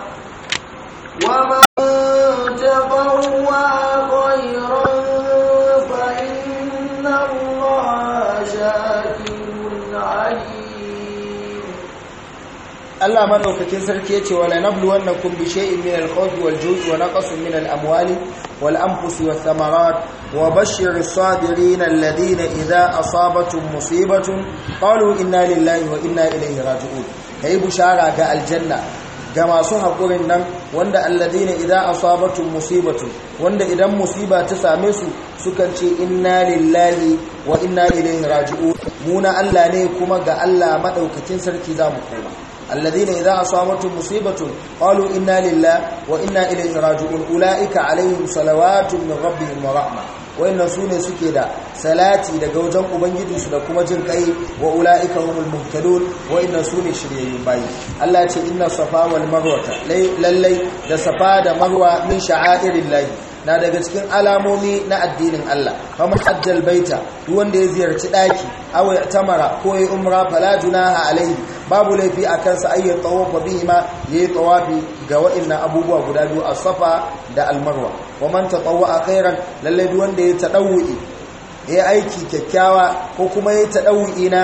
Allah madaukakin sarki yace wala nablu nabluwannakum bi shay'in min al-khawfi wal juz wa naqsin min al-amwali wal-anfusi wath-thamarat wa as sabirina alladhina idha asabatuhum musibatu qalu inna lillahi wa inna ilayhi raji'un kai bushara ga aljanna ga masu hakurin nan wanda alladhina idha asabatuhum musibatu wanda idan musiba ta same su sukan ce inna lillahi wa inna ilayhi raji'un muna Allah ne kuma ga Allah madaukakin sarki zamu koma alladhina idza asabatuhum musibatun qalu inna lillahi wa inna ilayhi raji'un ulaika alaihim salawatun min rabbihim wa rahma wayannan sune suke da salati daga wajen su da kuma jin kai wa ulaika humul muhtadun wayannan sune shiryayyun bayi Allah ya ce inna safa wal marwa lallai da safa da marwa min sha'airillahi na daga cikin alamomi na addinin Allah kamar hajjal baita duk wanda ya ziyarci daki aw tamara ko ya umra fala junaha alaihi babu laifi a kansa ayyar tawaf bihi ma yayi tawafi ga wa'inna abubuwa guda biyu as-safa da al-marwa wa man tatawwa khairan lalle duk wanda ya tadawwi ya aiki kyakkyawa ko kuma ya tadawwi na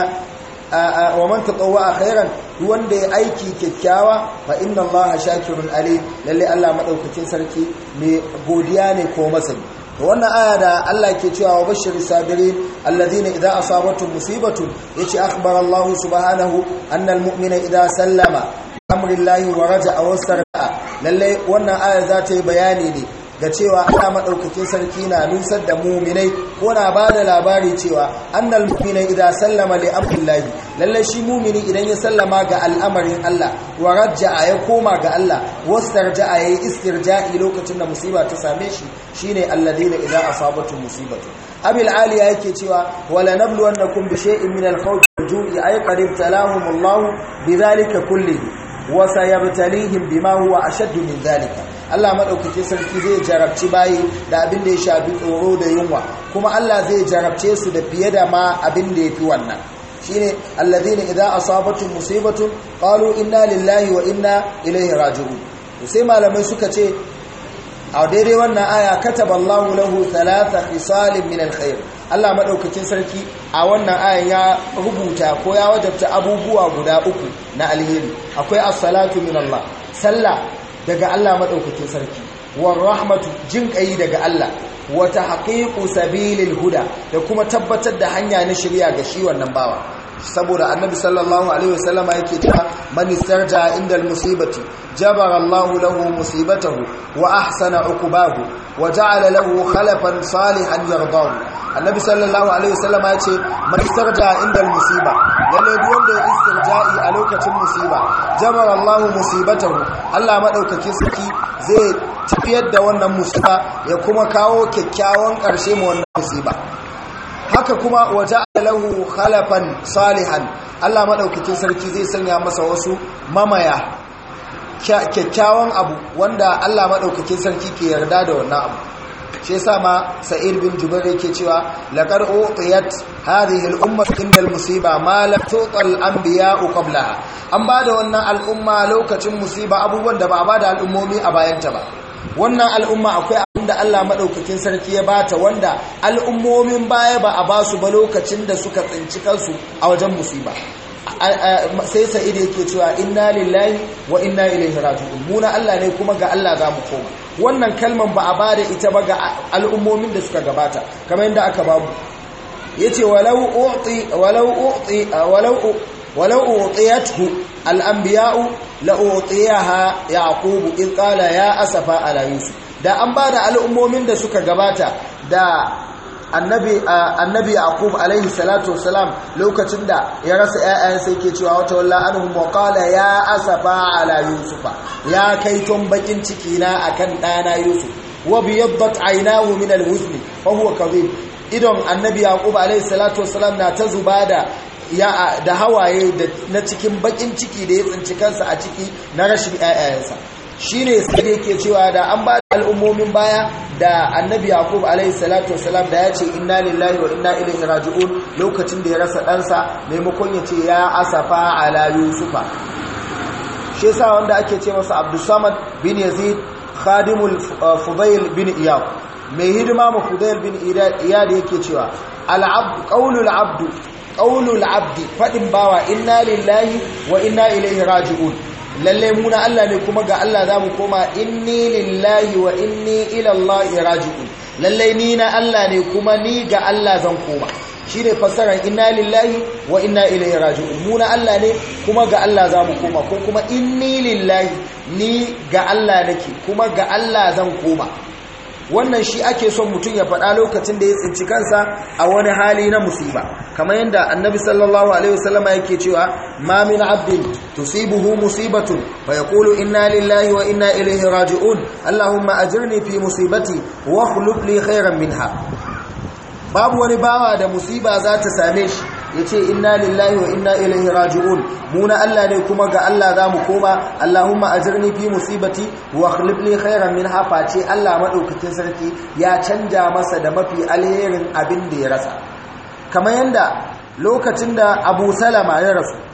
wa man tatawwa khairan wanda ya aiki kyakkyawa fa inna allaha shakirun alim lalle Allah madaukakin sarki mai godiya ne ko masani wannan aya da Allah ke cewa wa bashir sabirin alladhina idza asabatuhum musibatun yace akhbara Allah subhanahu anna almu'mina idza sallama amrillahi wa raja'a wastara'a lalle wannan aya za ta yi bayani ne ga cewa ana maɗaukakin sarki na nusar da muminai ko na ba da labari cewa annal muminai idan sallama li abdullahi lallai shi mumini idan ya sallama ga al'amarin Allah wa a ya koma ga Allah ya yi yayi ja'i lokacin da musiba ta same shi shine da idan asabatu musibatu abil aliya yake cewa wala nabluwannakum bi shay'in min al minal wal-ju'i ay qad ibtalahum Allah bi zalika kullihi wa sayabtalihim bima huwa ashaddu min zalika. Allah maɗaukake sarki zai jarabci bayi da abin da ya shafi tsoro da yunwa kuma Allah zai jarabce su da fiye da ma abin da ya fi wannan shine alladhina idza asabatuhum musibatun qalu inna lillahi wa inna ilaihi raji'un sai malamai suka ce a daidai wannan aya kataballahu lahu thalatha khisalin min alkhair Allah maɗaukacin sarki a wannan ayan ya rubuta ko ya wajabta abubuwa guda uku na alheri akwai as-salatu min Allah sallah daga Allah maɗaukato sarki wani rahmatu jin ƙayi daga Allah wata tahqiqu sabilil huda da kuma tabbatar da hanya na shirya ga shi wannan bawa saboda annabi sallallahu alaihi wasallama yake cewa man istarja inda musibati jabara Allahu lahu musibatahu wa ahsana uqbahu wa ja'ala lahu khalafan salihan yardahu annabi sallallahu alaihi wasallama yace man istarja inda musiba lalle duk wanda ya istirja'i a lokacin musiba jabara Allahu musibatahu Allah madaukake saki zai tafiyar da wannan musiba ya kuma kawo kyakkyawan karshe mu wannan musiba haka kuma waje lahu khalafan salihan Allah madaukakin sarki zai sanya masa wasu mamaya kyakkyawan abu wanda Allah madaukakin sarki ke yarda da wannan abu shi yasa ma sa'id bin jubair yake cewa laqad utiyat hadhihi al-umma inda musiba ma lam an biya anbiya qablaha an bada wannan al'umma lokacin musiba abubuwan da ba a bada al'ummomi a bayanta ba wannan al'umma akwai abin da Allah maɗaukakin sarki ya bata wanda al'ummomin baya ba a basu ba lokacin da suka tsinci kansu a wajen musiba sai sa'id yake cewa inna lillahi wa inna ilaihi raji'un mu na Allah ne kuma ga Allah za mu koma wannan kalman ba a ba da ita ba ga al'ummomin da suka gabata kamar yadda aka babu yace walau u'ti walau u'ti walau ولو أعطيته الأنبياء لأعطيها يعقوب إذ قال يا أسفا على يوسف da an ba da al'ummomin da suka gabata da annabi yaqub alaihi salatu wasalam lokacin da ya rasa ƴaƴan sai ke cewa wata walla anhum wa qala ya asafa ala yusufa ya kai ton bakin ciki na akan ɗana yusuf wa biyaddat aynahu min alhuzn fa huwa kadhib idon annabi yaqub alaihi salatu wasalam na ta zuba da ya da hawaye na cikin bakin ciki da ya tsinci kansa a ciki na rashin ƴaƴayensa shine sai da yake cewa da an ba da al'ummomin baya da annabi yaqub alaihi salatu wasalam da ya ce inna lillahi wa inna ilaihi raji'un lokacin da ya rasa ɗansa maimakon ya ce ya asafa ala yusufa shi yasa wanda ake ce masa abdus bin yazid khadimul eh, fudail bin iyab mai hidima ma fudayar bin iyadi yake cewa al-abd qawlul abd qawlul bawa inna lillahi wa inna ilaihi raji'un lalle muna Allah ne kuma ga Allah zamu koma inni lillahi wa inni ila Allah raji'un lalle ni na Allah ne kuma ni ga Allah zan koma shi ne fassarar inna lillahi wa inna ilaihi raji'un mu Muna Allah ne kuma ga Allah za mu koma ko kuma inni lillahi ni ga Allah nake kuma ga Allah zan koma wannan shi ake son mutum ya faɗa lokacin da ya tsinci kansa a wani hali na musiba kamar yadda annabi sallallahu alaihi wasallama yake cewa ma min abdin tusibuhu musibatun fa yaqulu inna lillahi wa inna ilaihi raji'un allahumma ajirni fi musibati wa khulub li khairan minha babu wani bawa da musiba za ta same shi ce inna lillahi wa inna ilaihi raji'un mu na Allah ne kuma ga Allah za mu koma Allahumma ajirni fi musibati wa akhlib li khairan min face Allah madaukakin sarki ya canja masa da mafi alherin abin da ya rasa kamar yanda lokacin da Abu Salama ya rasu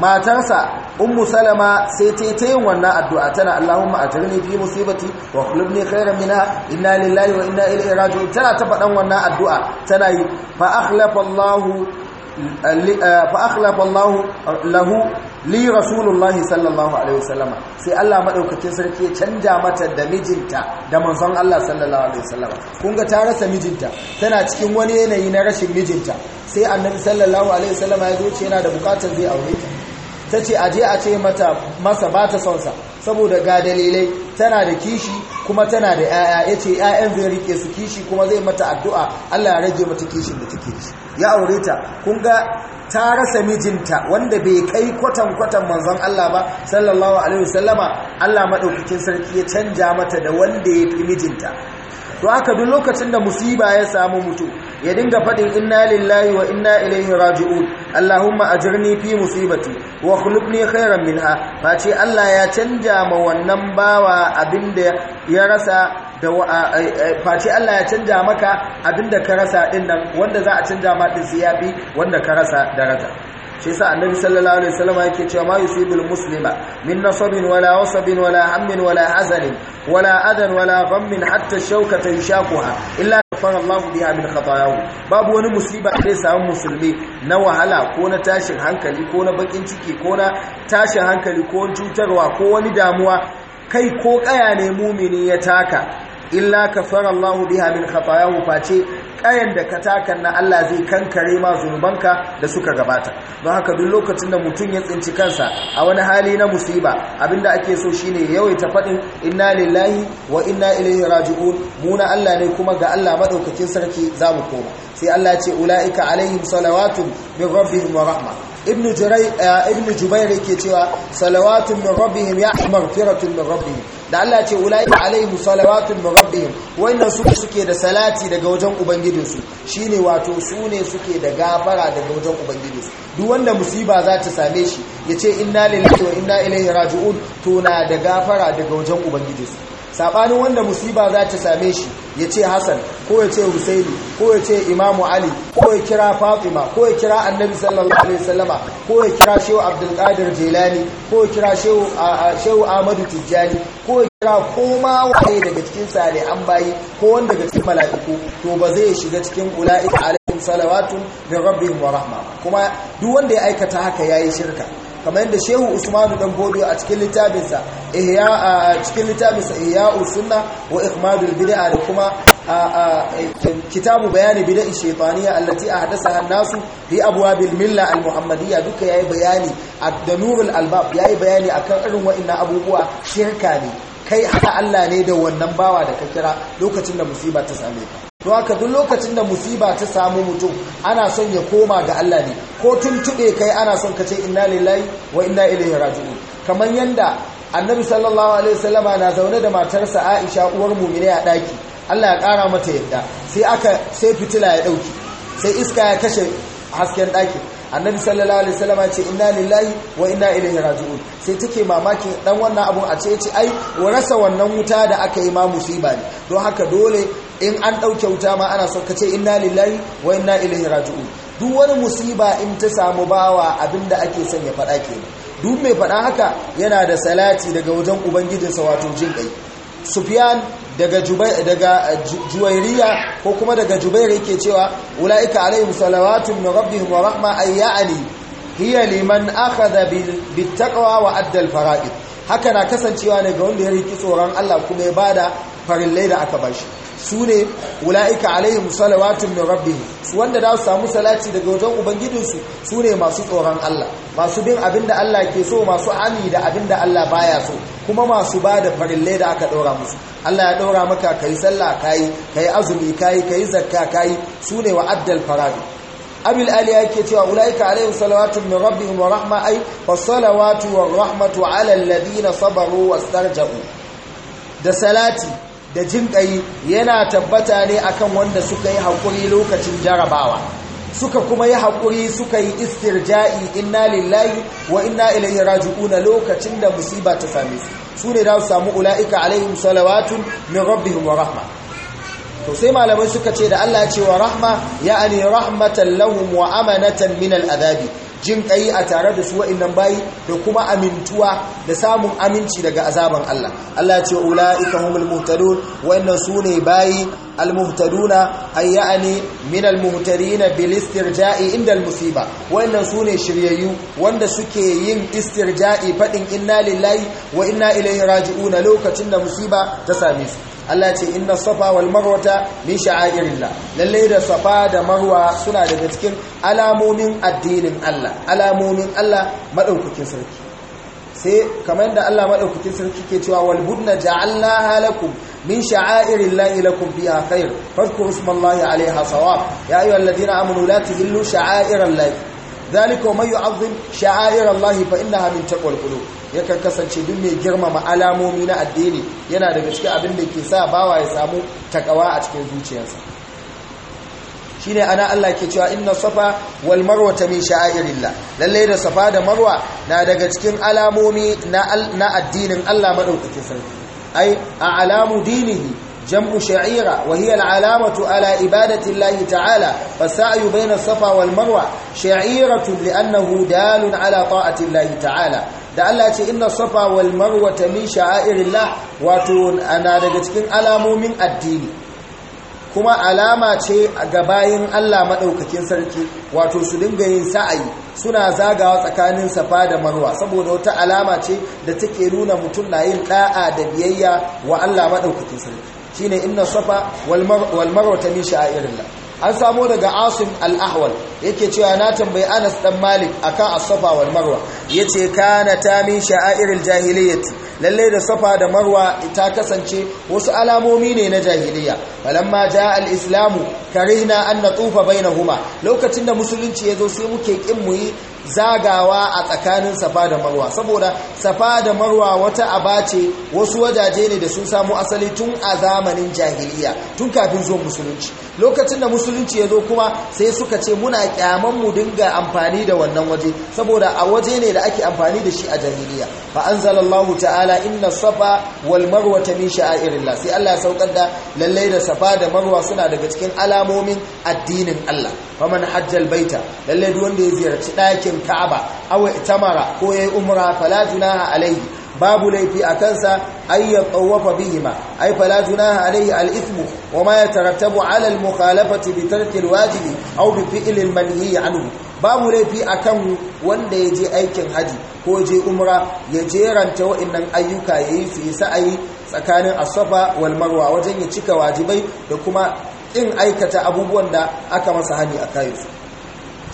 matansa ummu salama sai ta ta yin wannan addu'a tana Allahumma ajirni fi musibati wa khulibni khairan minha inna lillahi wa inna ilaihi raji'un tana ta faɗan wannan addu'a tana yi fa eh, lahu li rasulullahi sallallahu alaihi wasallam sai Allah madaukakin sarki ya canja mata da mijinta da manzon Allah sallallahu alaihi wasallam kun ta rasa mijinta tana cikin wani yanayi na rashin mijinta sai annabi sallallahu alaihi wasallam ya zo ce yana da bukatar zai aure ta ta ce aje a ce masa ba ta sonsa saboda ga dalilai tana da kishi kuma tana da yaya ya ce yayan zai rike su kishi kuma zai mata addu'a Allah ya rage mata kishin da take shi ya aure ta kun ga ta rasa mijinta wanda bai kai kwatan kwatan manzon Allah ba sallallahu alaihi wasallama Allah madaukakin sarki ya canja mata da wanda ya fi mijinta to haka duk lokacin da musiba ya samu mutum ya dinga fadin inna lillahi wa inna ilaihi raji'un allahumma ajirni fi musibati wa khulqni khairan minha face Allah ya canja ma wannan bawa abinda ya rasa da Allah ya canja maka abinda ka rasa din nan wanda za a canja ma din siyafi wanda ka rasa daraja shi yasa annabi sallallahu alaihi wasallam yake cewa ma yusibul muslima min nasabin wala wasabin wala hammin wala hazanin wala adan wala ghammin hatta shawkata yashaquha illa kafara Allahu biha min khatayahu babu wani musiba da zai samu musulmi na wahala ko na tashin hankali ko na bakin ciki ko na tashin hankali ko cutarwa ko wani damuwa kai ko kaya ne mumini ya taka illa kafara Allah biha min khatayahu face kayan da ka takan na Allah zai kankare ma zunubanka da suka gabata don haka duk lokacin da mutum ya tsinci kansa a wani hali na musiba abinda ake so shine yawaita fadin inna lillahi wa inna ilaihi raji'un mu na Allah ne kuma ga Allah madaukakin sarki za mu koma sai Allah ya ce ulaika alaihim salawatun min rabbihim wa rahma ibnu jurai eh, ibnu jubair yake cewa salawatun min rabbihim ya maghfiratun min rabbihim da Allah ce ulai alaihim salawatun min rabbihim wayannan su suke da salati daga wajen ubangijinsu shine wato su ne suke da gafara daga wajen ubangijinsu duk wanda musiba za ta same shi yace inna lillahi wa inna ilaihi raji'un to na da gafara daga wajen ubangijinsu sabanin wanda musiba za ta same shi ya ce hassan ko ya ce husaini ko ya ce imamu ali ko ya kira fatima ko ya kira annabi sallallahu alaihi wasallama ko ya kira shehu abdulkadir jelani ko ya kira shehu ahmadu tijjani ko ya kira koma waye daga cikin an bayi ko wanda daga cikin mala'iku to ba zai shiga cikin ula'ika alaihim salawatun da rabbihim wa rahma kuma duk wanda ya aikata haka yayi shirka kamar yadda shehu usmanu dan bodo a cikin littafinsa ihya a cikin littafinsa ihya'u sunna wa ikmadul bid'a da kuma kitabu bayani bid'a shaytaniya allati ahdathaha an-nasu fi abwabil milla al-muhammadiyya duka yayi bayani ad-danurul albab yayi bayani akan irin wa'annan abubuwa shirka ne kai haka Allah ne da wannan bawa da ka kira lokacin da musiba ta same ka to haka duk lokacin da musiba ta samu mutum ana son ya koma ga Allah ne ko tuntube kai ana son ka ce inna lillahi wa inna ilaihi raji'un kamar yanda annabi sallallahu alaihi wasallama na zaune da matarsa Aisha uwar mu'mini a daki Allah ya kara mata yadda sai aka sai fitila ya dauki sai iska ya kashe hasken ɗakin. annabi sallallahu alaihi wasallam ya ce inna lillahi wa inna ilaihi raji'un sai take mamaki dan wannan abun a ce ya ce ai rasa wannan wuta da aka yi ma musiba ne don haka dole in an dauke wuta ma ana so ka inna lillahi wa inna ilaihi raji'un duk wani musiba in ta samu bawa abinda ake son ya faɗa kenan duk mai fada haka yana da salati daga wajen ubangijinsa wato jin kai sufyan daga eh, juwairiya ko kuma daga jubair yake cewa ula'ika alaihim salawatun min wa rahma ay hiya liman akhadha bit taqwa wa addal fara'id haka na kasancewa ne ga wanda ya riki tsoron Allah kuma ya bada farillai da aka bashi su ne wula'ika alaihi musalawatin mai rabbihim su wanda za su samu salati daga wajen ubangidinsu su ne masu tsoron Allah masu bin abin da Allah ke so masu ami da abin da Allah baya so kuma masu ba da farillai da aka ɗora musu Allah ya ɗora maka yi sallah ka yi azumi ka yi zakka yi su ne wa addal faradu. abil ali yake cewa ulaika alaihim salawatu min rabbihim wa rahma ay wa rahmatu ala alladhina sabaru da salati da jin ƙayi yana tabbata ne akan wanda suka yi haƙuri lokacin jarabawa suka kuma yi haƙuri suka yi istirja'i inna lillahi wa inna raju'u raji'una lokacin da musiba ta same su su ne za su samu ula'ika alaihim salawatun min rabbihim wa rahma to sai malamai suka ce da Allah ya ce wa rahma ya'ani rahmatan lahum wa amanatan min al'adabi jin kai a tare da su wa'annan bayi da kuma amintuwa da samun aminci daga azaban Allah Allah ce ulaika humul muhtadun wa'annan sune bayi almuhtaduna ay ya'ni min almuhtadina bil istirja'i inda almusiba wa'annan sune shiryayyu wanda suke yin istirja'i fadin inna lillahi wa inna ilaihi raji'un lokacin da musiba ta same su Allah ce inna safa wal marwata min sha'airillah lalle da safa da marwa suna daga cikin alamomin addinin Allah alamomin Allah madaukakin sarki sai kamar da Allah madaukakin sarki ke cewa wal budna ja'alna halakum min sha'airillah الله لكم khair خير فاذكروا اسم sawab ya ayyuhalladhina amanu la الذين sha'airallahi ذلك ومن يعظم شعائر الله فانها من تقوى القلوب taqwal qulub yakan kasance duk mai girmama alamomi na addini yana daga cikin abin da ke sa bawa ya samu takawa a cikin zuciyarsa shine ana Allah ke cewa inna safa wal marwa min sha'airillah lalle da safa da marwa na daga cikin alamomi na addinin Allah madaukakin sarki ai a alamu dinihi جمع شعيرة وهي العلامة على عبادة الله تعالى فالسعي بين الصفا والمروة شعيرة لأنه دال على طاعة الله تعالى da Allah ce inna safa wal marwa ta min sha'airillah wato ana daga cikin alamomin addini kuma alama ce ga bayin Allah maɗaukakin sarki wato su dinga yin sa'ayi suna zagawa tsakanin safa da marwa saboda wata alama ce da take nuna mutum na yin da'a da biyayya wa Allah madaukakin sarki shine inna safa wal marwata min sha'irillah an samo daga asim al-ahwal yake cewa na tambayi anas dan malik akan as-safa wal marwa yace kana ta min sha'irin jahiliyyati Lallai da safa da marwa ta kasance wasu alamomi ne na jahiliya falamma jaa al-islamu karihna an na huma. lokacin da musulunci ya zo sai muke ƙin muyi zagawa a tsakanin safa da marwa saboda safa da marwa wata aba wasu wajaje ne da sun samu asali tun a zamanin jahiliya tun kafin zuwa musulunci lokacin da musulunci ya zo kuma sai suka ce muna kyaman mu dinga amfani da wannan waje saboda a waje ne da ake amfani da shi a jahiliya fa anzalallahu ta'ala inna safa wal marwa min sha'airillah sai Allah ya saukar da lallai da safa da marwa suna daga cikin alamomin addinin Allah faman hajjal baita lalle duk wanda ya ziyarci ɗakin Ka'aba aw itamara ko yayi umra fala junaha alaihi babu laifi a kansa ay yatawafa bihima ay fala junaha alaihi al-ithmu wama yatarattabu ala al-mukhalafati bi tarki al-wajibi aw bi fi'li al-manhi anhu babu laifi akan wanda ya je aikin haji ko je umra ya jeranta wa'annan ayyuka yayi su yi sa'ayi tsakanin as-safa wal marwa wajen ya cika wajibai da kuma in aikata abubuwan da aka masa hani a kayansu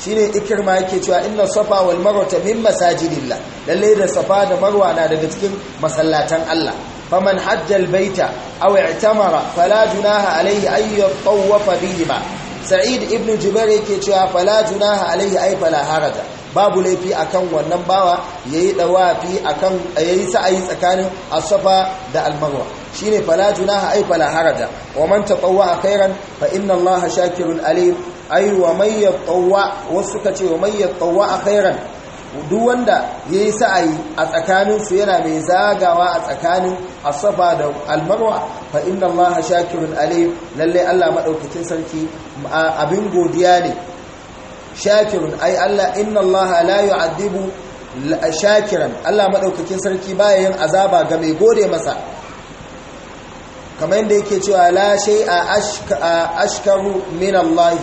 shine ikirma yake cewa inna safa wal marwata min masajidillah lalle da safa da marwa na daga cikin masallatan Allah faman hajjal baita aw i'tamara fala junaha alayhi ay yatawafa bihima sa'id ibn jubair yake cewa fala junaha alayhi ay fala haraja babu laifi akan wannan bawa yayi dawafi akan yayi sa'ayi tsakanin as-safa da al-marwa shine fala junaha ay fala haraja wa man tatawwa khairan fa inna allaha shakirun alim ay wa may yatawwa wasu kace wa may yatawwa khairan duk wanda yayi sa'ayi a tsakanin su yana mai zagawa a tsakanin as-safa da almarwa fa inna allaha shakirun alim lalle Allah madaukakin sarki abin godiya ne shakirun ay Allah inna allaha la yu'adibu shakiran Allah madaukakin sarki baya yin azaba ga mai gode masa kamar yadda yake cewa la a ashkaru min Allah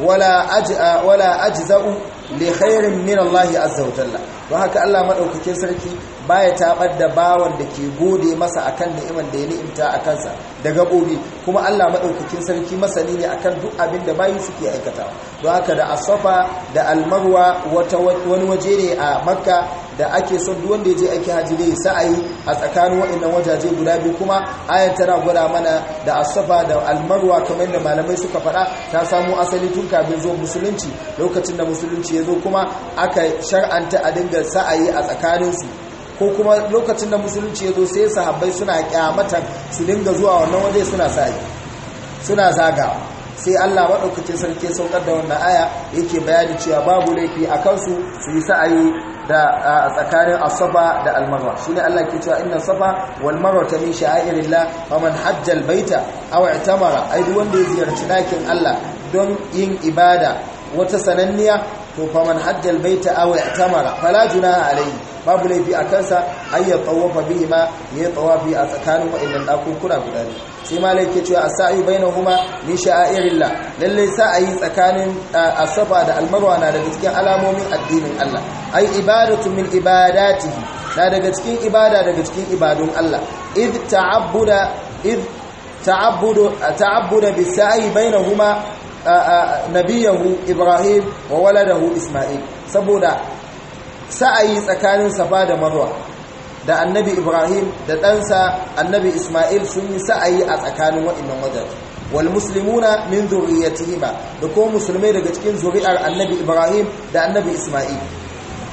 wala ajza wala ajza'u li khairin min Allah azza wa jalla ba haka Allah madaukakin sarki baya tabar da bawan da ke gode masa a kan ni'imar da ya ni'imta a kansa da gobe kuma Allah madaukakin sarki masani ne akan duk abin da bayi suke aikata don haka da asafa da almarwa wani waje ne a makka da ake son duk wanda ya je aiki haji ne sa'ayi a tsakanin waɗannan wajaje guda biyu kuma ayar tana gwada mana da asafa da almarwa kamar da malamai suka faɗa ta samo asali tun kafin zuwa musulunci lokacin da musulunci ya zo kuma aka shar'anta a dinga sa'ayi a tsakaninsu ko kuma lokacin da musulunci ya zo sai sahabbai suna kyamata su dinga zuwa wannan waje suna sa'i suna zaga sai Allah maɗaukacin sarki saukar da wannan aya yake bayani cewa babu laifi a kansu su yi sa'ayi da tsakanin Asaba da almarwa shine Allah ke cewa inna safa wal marwa ta min sha'irillah faman hajja al baita aw i'tamara ai duk wanda ya ziyarci dakin Allah don yin ibada wata sananniya to faman hajjal baita aw i'tamara fala junaha alayhi babu laifi a kansa ay yatawafa bihi ma ya tawafi a tsakanin wa'annan dakukuna guda ne sai malai ke cewa as-sa'i bainahuma min sha'airillah lalle sa'i tsakanin as-safa da al-marwa na daga cikin alamomin addinin Allah ay ibadatu min ibadatihi na daga cikin ibada daga cikin ibadun Allah id ta'abbuda id ta'abbudu ta'abbuda bis-sa'i bainahuma nabiyahu ibrahim wa waladahu isma'il saboda sa'ayi tsakanin safa da marwa da annabi ibrahim da ɗansa annabi isma'il sun yi sa'ayi a tsakanin waɗannan wajaje wal muslimuna min ba, da ko musulmai daga cikin zuri'ar annabi ibrahim da annabi isma'il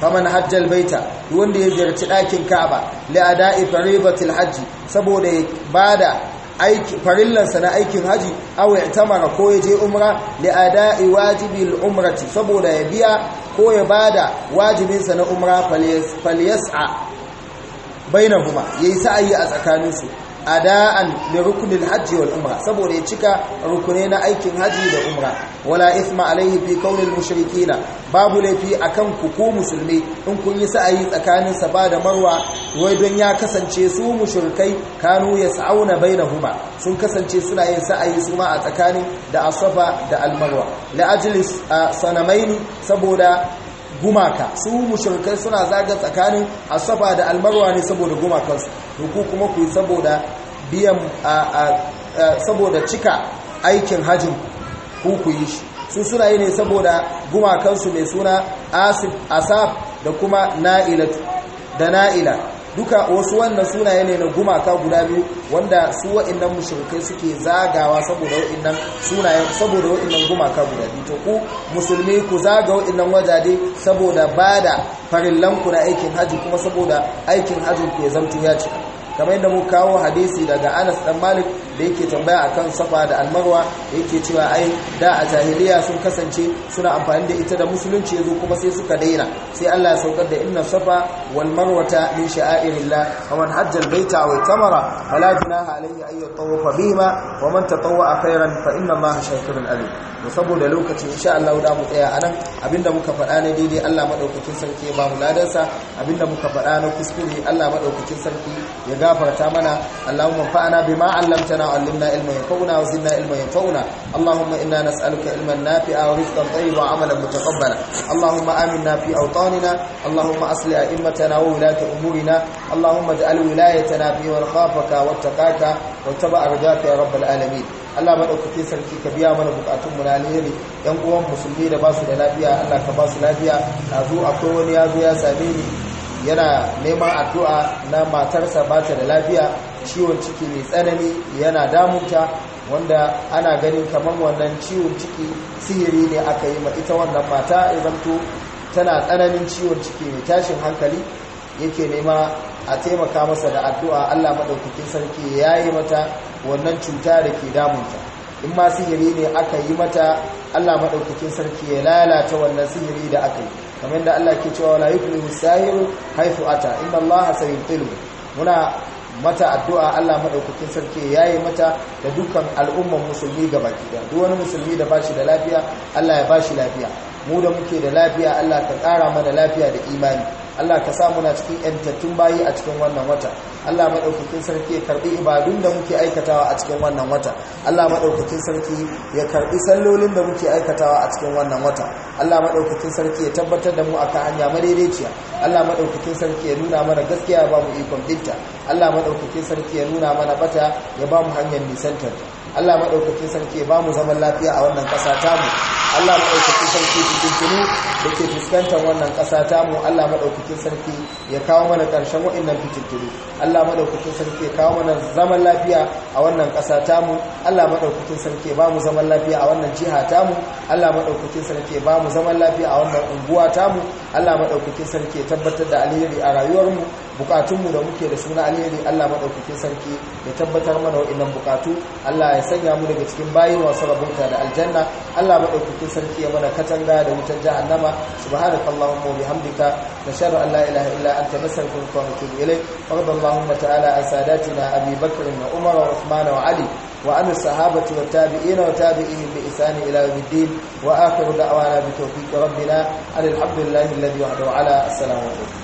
faman hajjal baita wanda ya ziyarci ɗakin ka'aba li ada'i faribatil hajji saboda ya bada aiki farillansa na aikin haji aw mara ko ya je umra li ada'i wajibil umrati saboda ya biya ko ya bada wajibinsa na umra falyas'a bainahuma yayi sa'ayi a tsakaninsu ada'an da rukunin hajji wal umra saboda ya cika rukune na aikin hajji da umra wala isma alaihi fi kaunil mushrikina babu laifi akan ku ku musulmi in kun yi sa'ayi tsakanin safa da marwa wai don ya kasance su mushrikai kanu yas'auna bainahuma sun kasance suna yin sa'ayi su ma a tsakanin da asafa da al-marwa. la ajlis sanamaini saboda gumaka su mushrikai suna zagar tsakanin asafa da almarwa ne saboda gumakansu to ku kuma ku saboda biyan saboda cika aikin hajjin ku yi shi su suna yi ne saboda gumakansu mai suna asif asaf da kuma na'ilatu da na'ila duka wasu wannan sunaye ne na gumaka guda biyu wanda su wa'annan mushrikai suke zagawa saboda wa'annan sunaye saboda wa'annan gumaka guda biyu to ku musulmi ku zaga wa'annan wajade saboda bada farin ku na aikin haji kuma saboda aikin hajin ku ya ya cika kamar yadda mu kawo hadisi daga Anas dan Malik da yake tambaya akan safa da almarwa yake cewa ai da a jahiliya sun kasance suna amfani da ita da musulunci yazo kuma sai suka daina sai Allah ya saukar da inna safa wal marwata min sha'airillah faman hajja al baita aw tamara fala junaha alayhi ay yatawafa bihima wa man tatawwa khairan fa inna Allaha shakirun alim saboda lokaci insha Allah da mu tsaya anan abinda muka faɗa ne daidai Allah madaukakin sarki ya ba mu ladansa abinda muka faɗa na kuskure Allah madaukakin sarki ya gafarta mana Allahumma fa'ana bima 'allamtana ربنا علمنا علما ينفعنا وزدنا علما ينفعنا اللهم إنا نسألك علما نافعا ورزقا طيبا وعملا متقبلا اللهم آمنا في أوطاننا اللهم أصل أئمتنا وولاة أمورنا اللهم اجعل ولايتنا في من خافك واتقاك واتبع رجاك يا رب العالمين Allah maɗaukaki sarki ka biya mana bukatun mu na alheri yan uwan musulmi da basu da lafiya Allah ka basu lafiya a zo akwai wani ya zo ya same ni yana neman addu'a na matarsa ba ta da lafiya ciwon ciki mai tsanani yana damunta wanda ana ganin kamar wannan ciwon ciki sihiri ne aka yi ita wannan mata izanto tana tsananin ciwon ciki mai tashin hankali yake nema a taimaka masa da addu'a Allah madaukakin sarki ya yi mata wannan cuta da ke damunta in ma sihiri ne aka yi mata Allah maɗaukakin sarki ya lalata wannan sihiri da aka yi kamar da Allah ke cewa la yuflihu sahiru haythu ata inna Allah sayubtilu muna mata addu'a Allah maɗaukakin sarki ya yi mata da dukkan al'umman musulmi ga baki da duk wani musulmi da bashi da lafiya Allah ya bashi lafiya mu da muke da lafiya Allah ka ƙara mana lafiya da imani Allah ka sa muna cikin ‘yantattun bayi a cikin wannan wata Allah maɗaukakin sarki ya karɓi ibadun da muke aikatawa a cikin wannan wata Allah maɗaukakin sarki ya karɓi sallolin da muke aikatawa a cikin wannan wata Allah maɗaukakin sarki ya tabbatar da mu a akan hanya madaidaiciya Allah maɗaukakin sarki ya nuna mana gaskiya ba mu ikon binta Allah maɗaukakin sarki ya nuna mana bata ya ba mu hanyar nisantar Allah maɗaukakin sarki ya ba mu zaman lafiya a wannan ƙasa mu Allah maɗaukakin sarki tuntunu da ke fuskantar wannan ƙasa mu Allah sarki ya kawo mana ƙarshen waɗannan fitintunu Allah maɗaukakin sarki ya kawo mana zaman lafiya a wannan ƙasa mu Allah sarki ba mu zaman lafiya a wannan jiha mu Allah maɗaukakin sarki ba mu zaman lafiya a wannan unguwa tamu Allah maɗaukakin sarki ya tabbatar da alheri a rayuwarmu bukatunmu da muke da suna alheri Allah maɗaukakin sarki ya tabbatar mana wa'innan bukatu Allah ya sanya mu daga cikin bayi masu rabunta da aljanna Allah maɗaukakin sarki ya mana katanga da wutar jahannama subhanaka allahumma wa bihamdika nashhadu an la ilaha illa anta nastaghfiruka wa natubu ilayk farad allahumma ta'ala an sadatina abi bakr wa umar wa usman wa ali wa an sahabati wa tabi'in wa tabi'ihim bi ihsan ila yawmiddin wa akhiru da'wana bi tawfiq rabbina alhamdulillahi alladhi wahdahu ala assalamu alaykum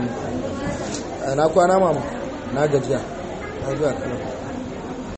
Eh, na kwana mama na gajiya na zuwa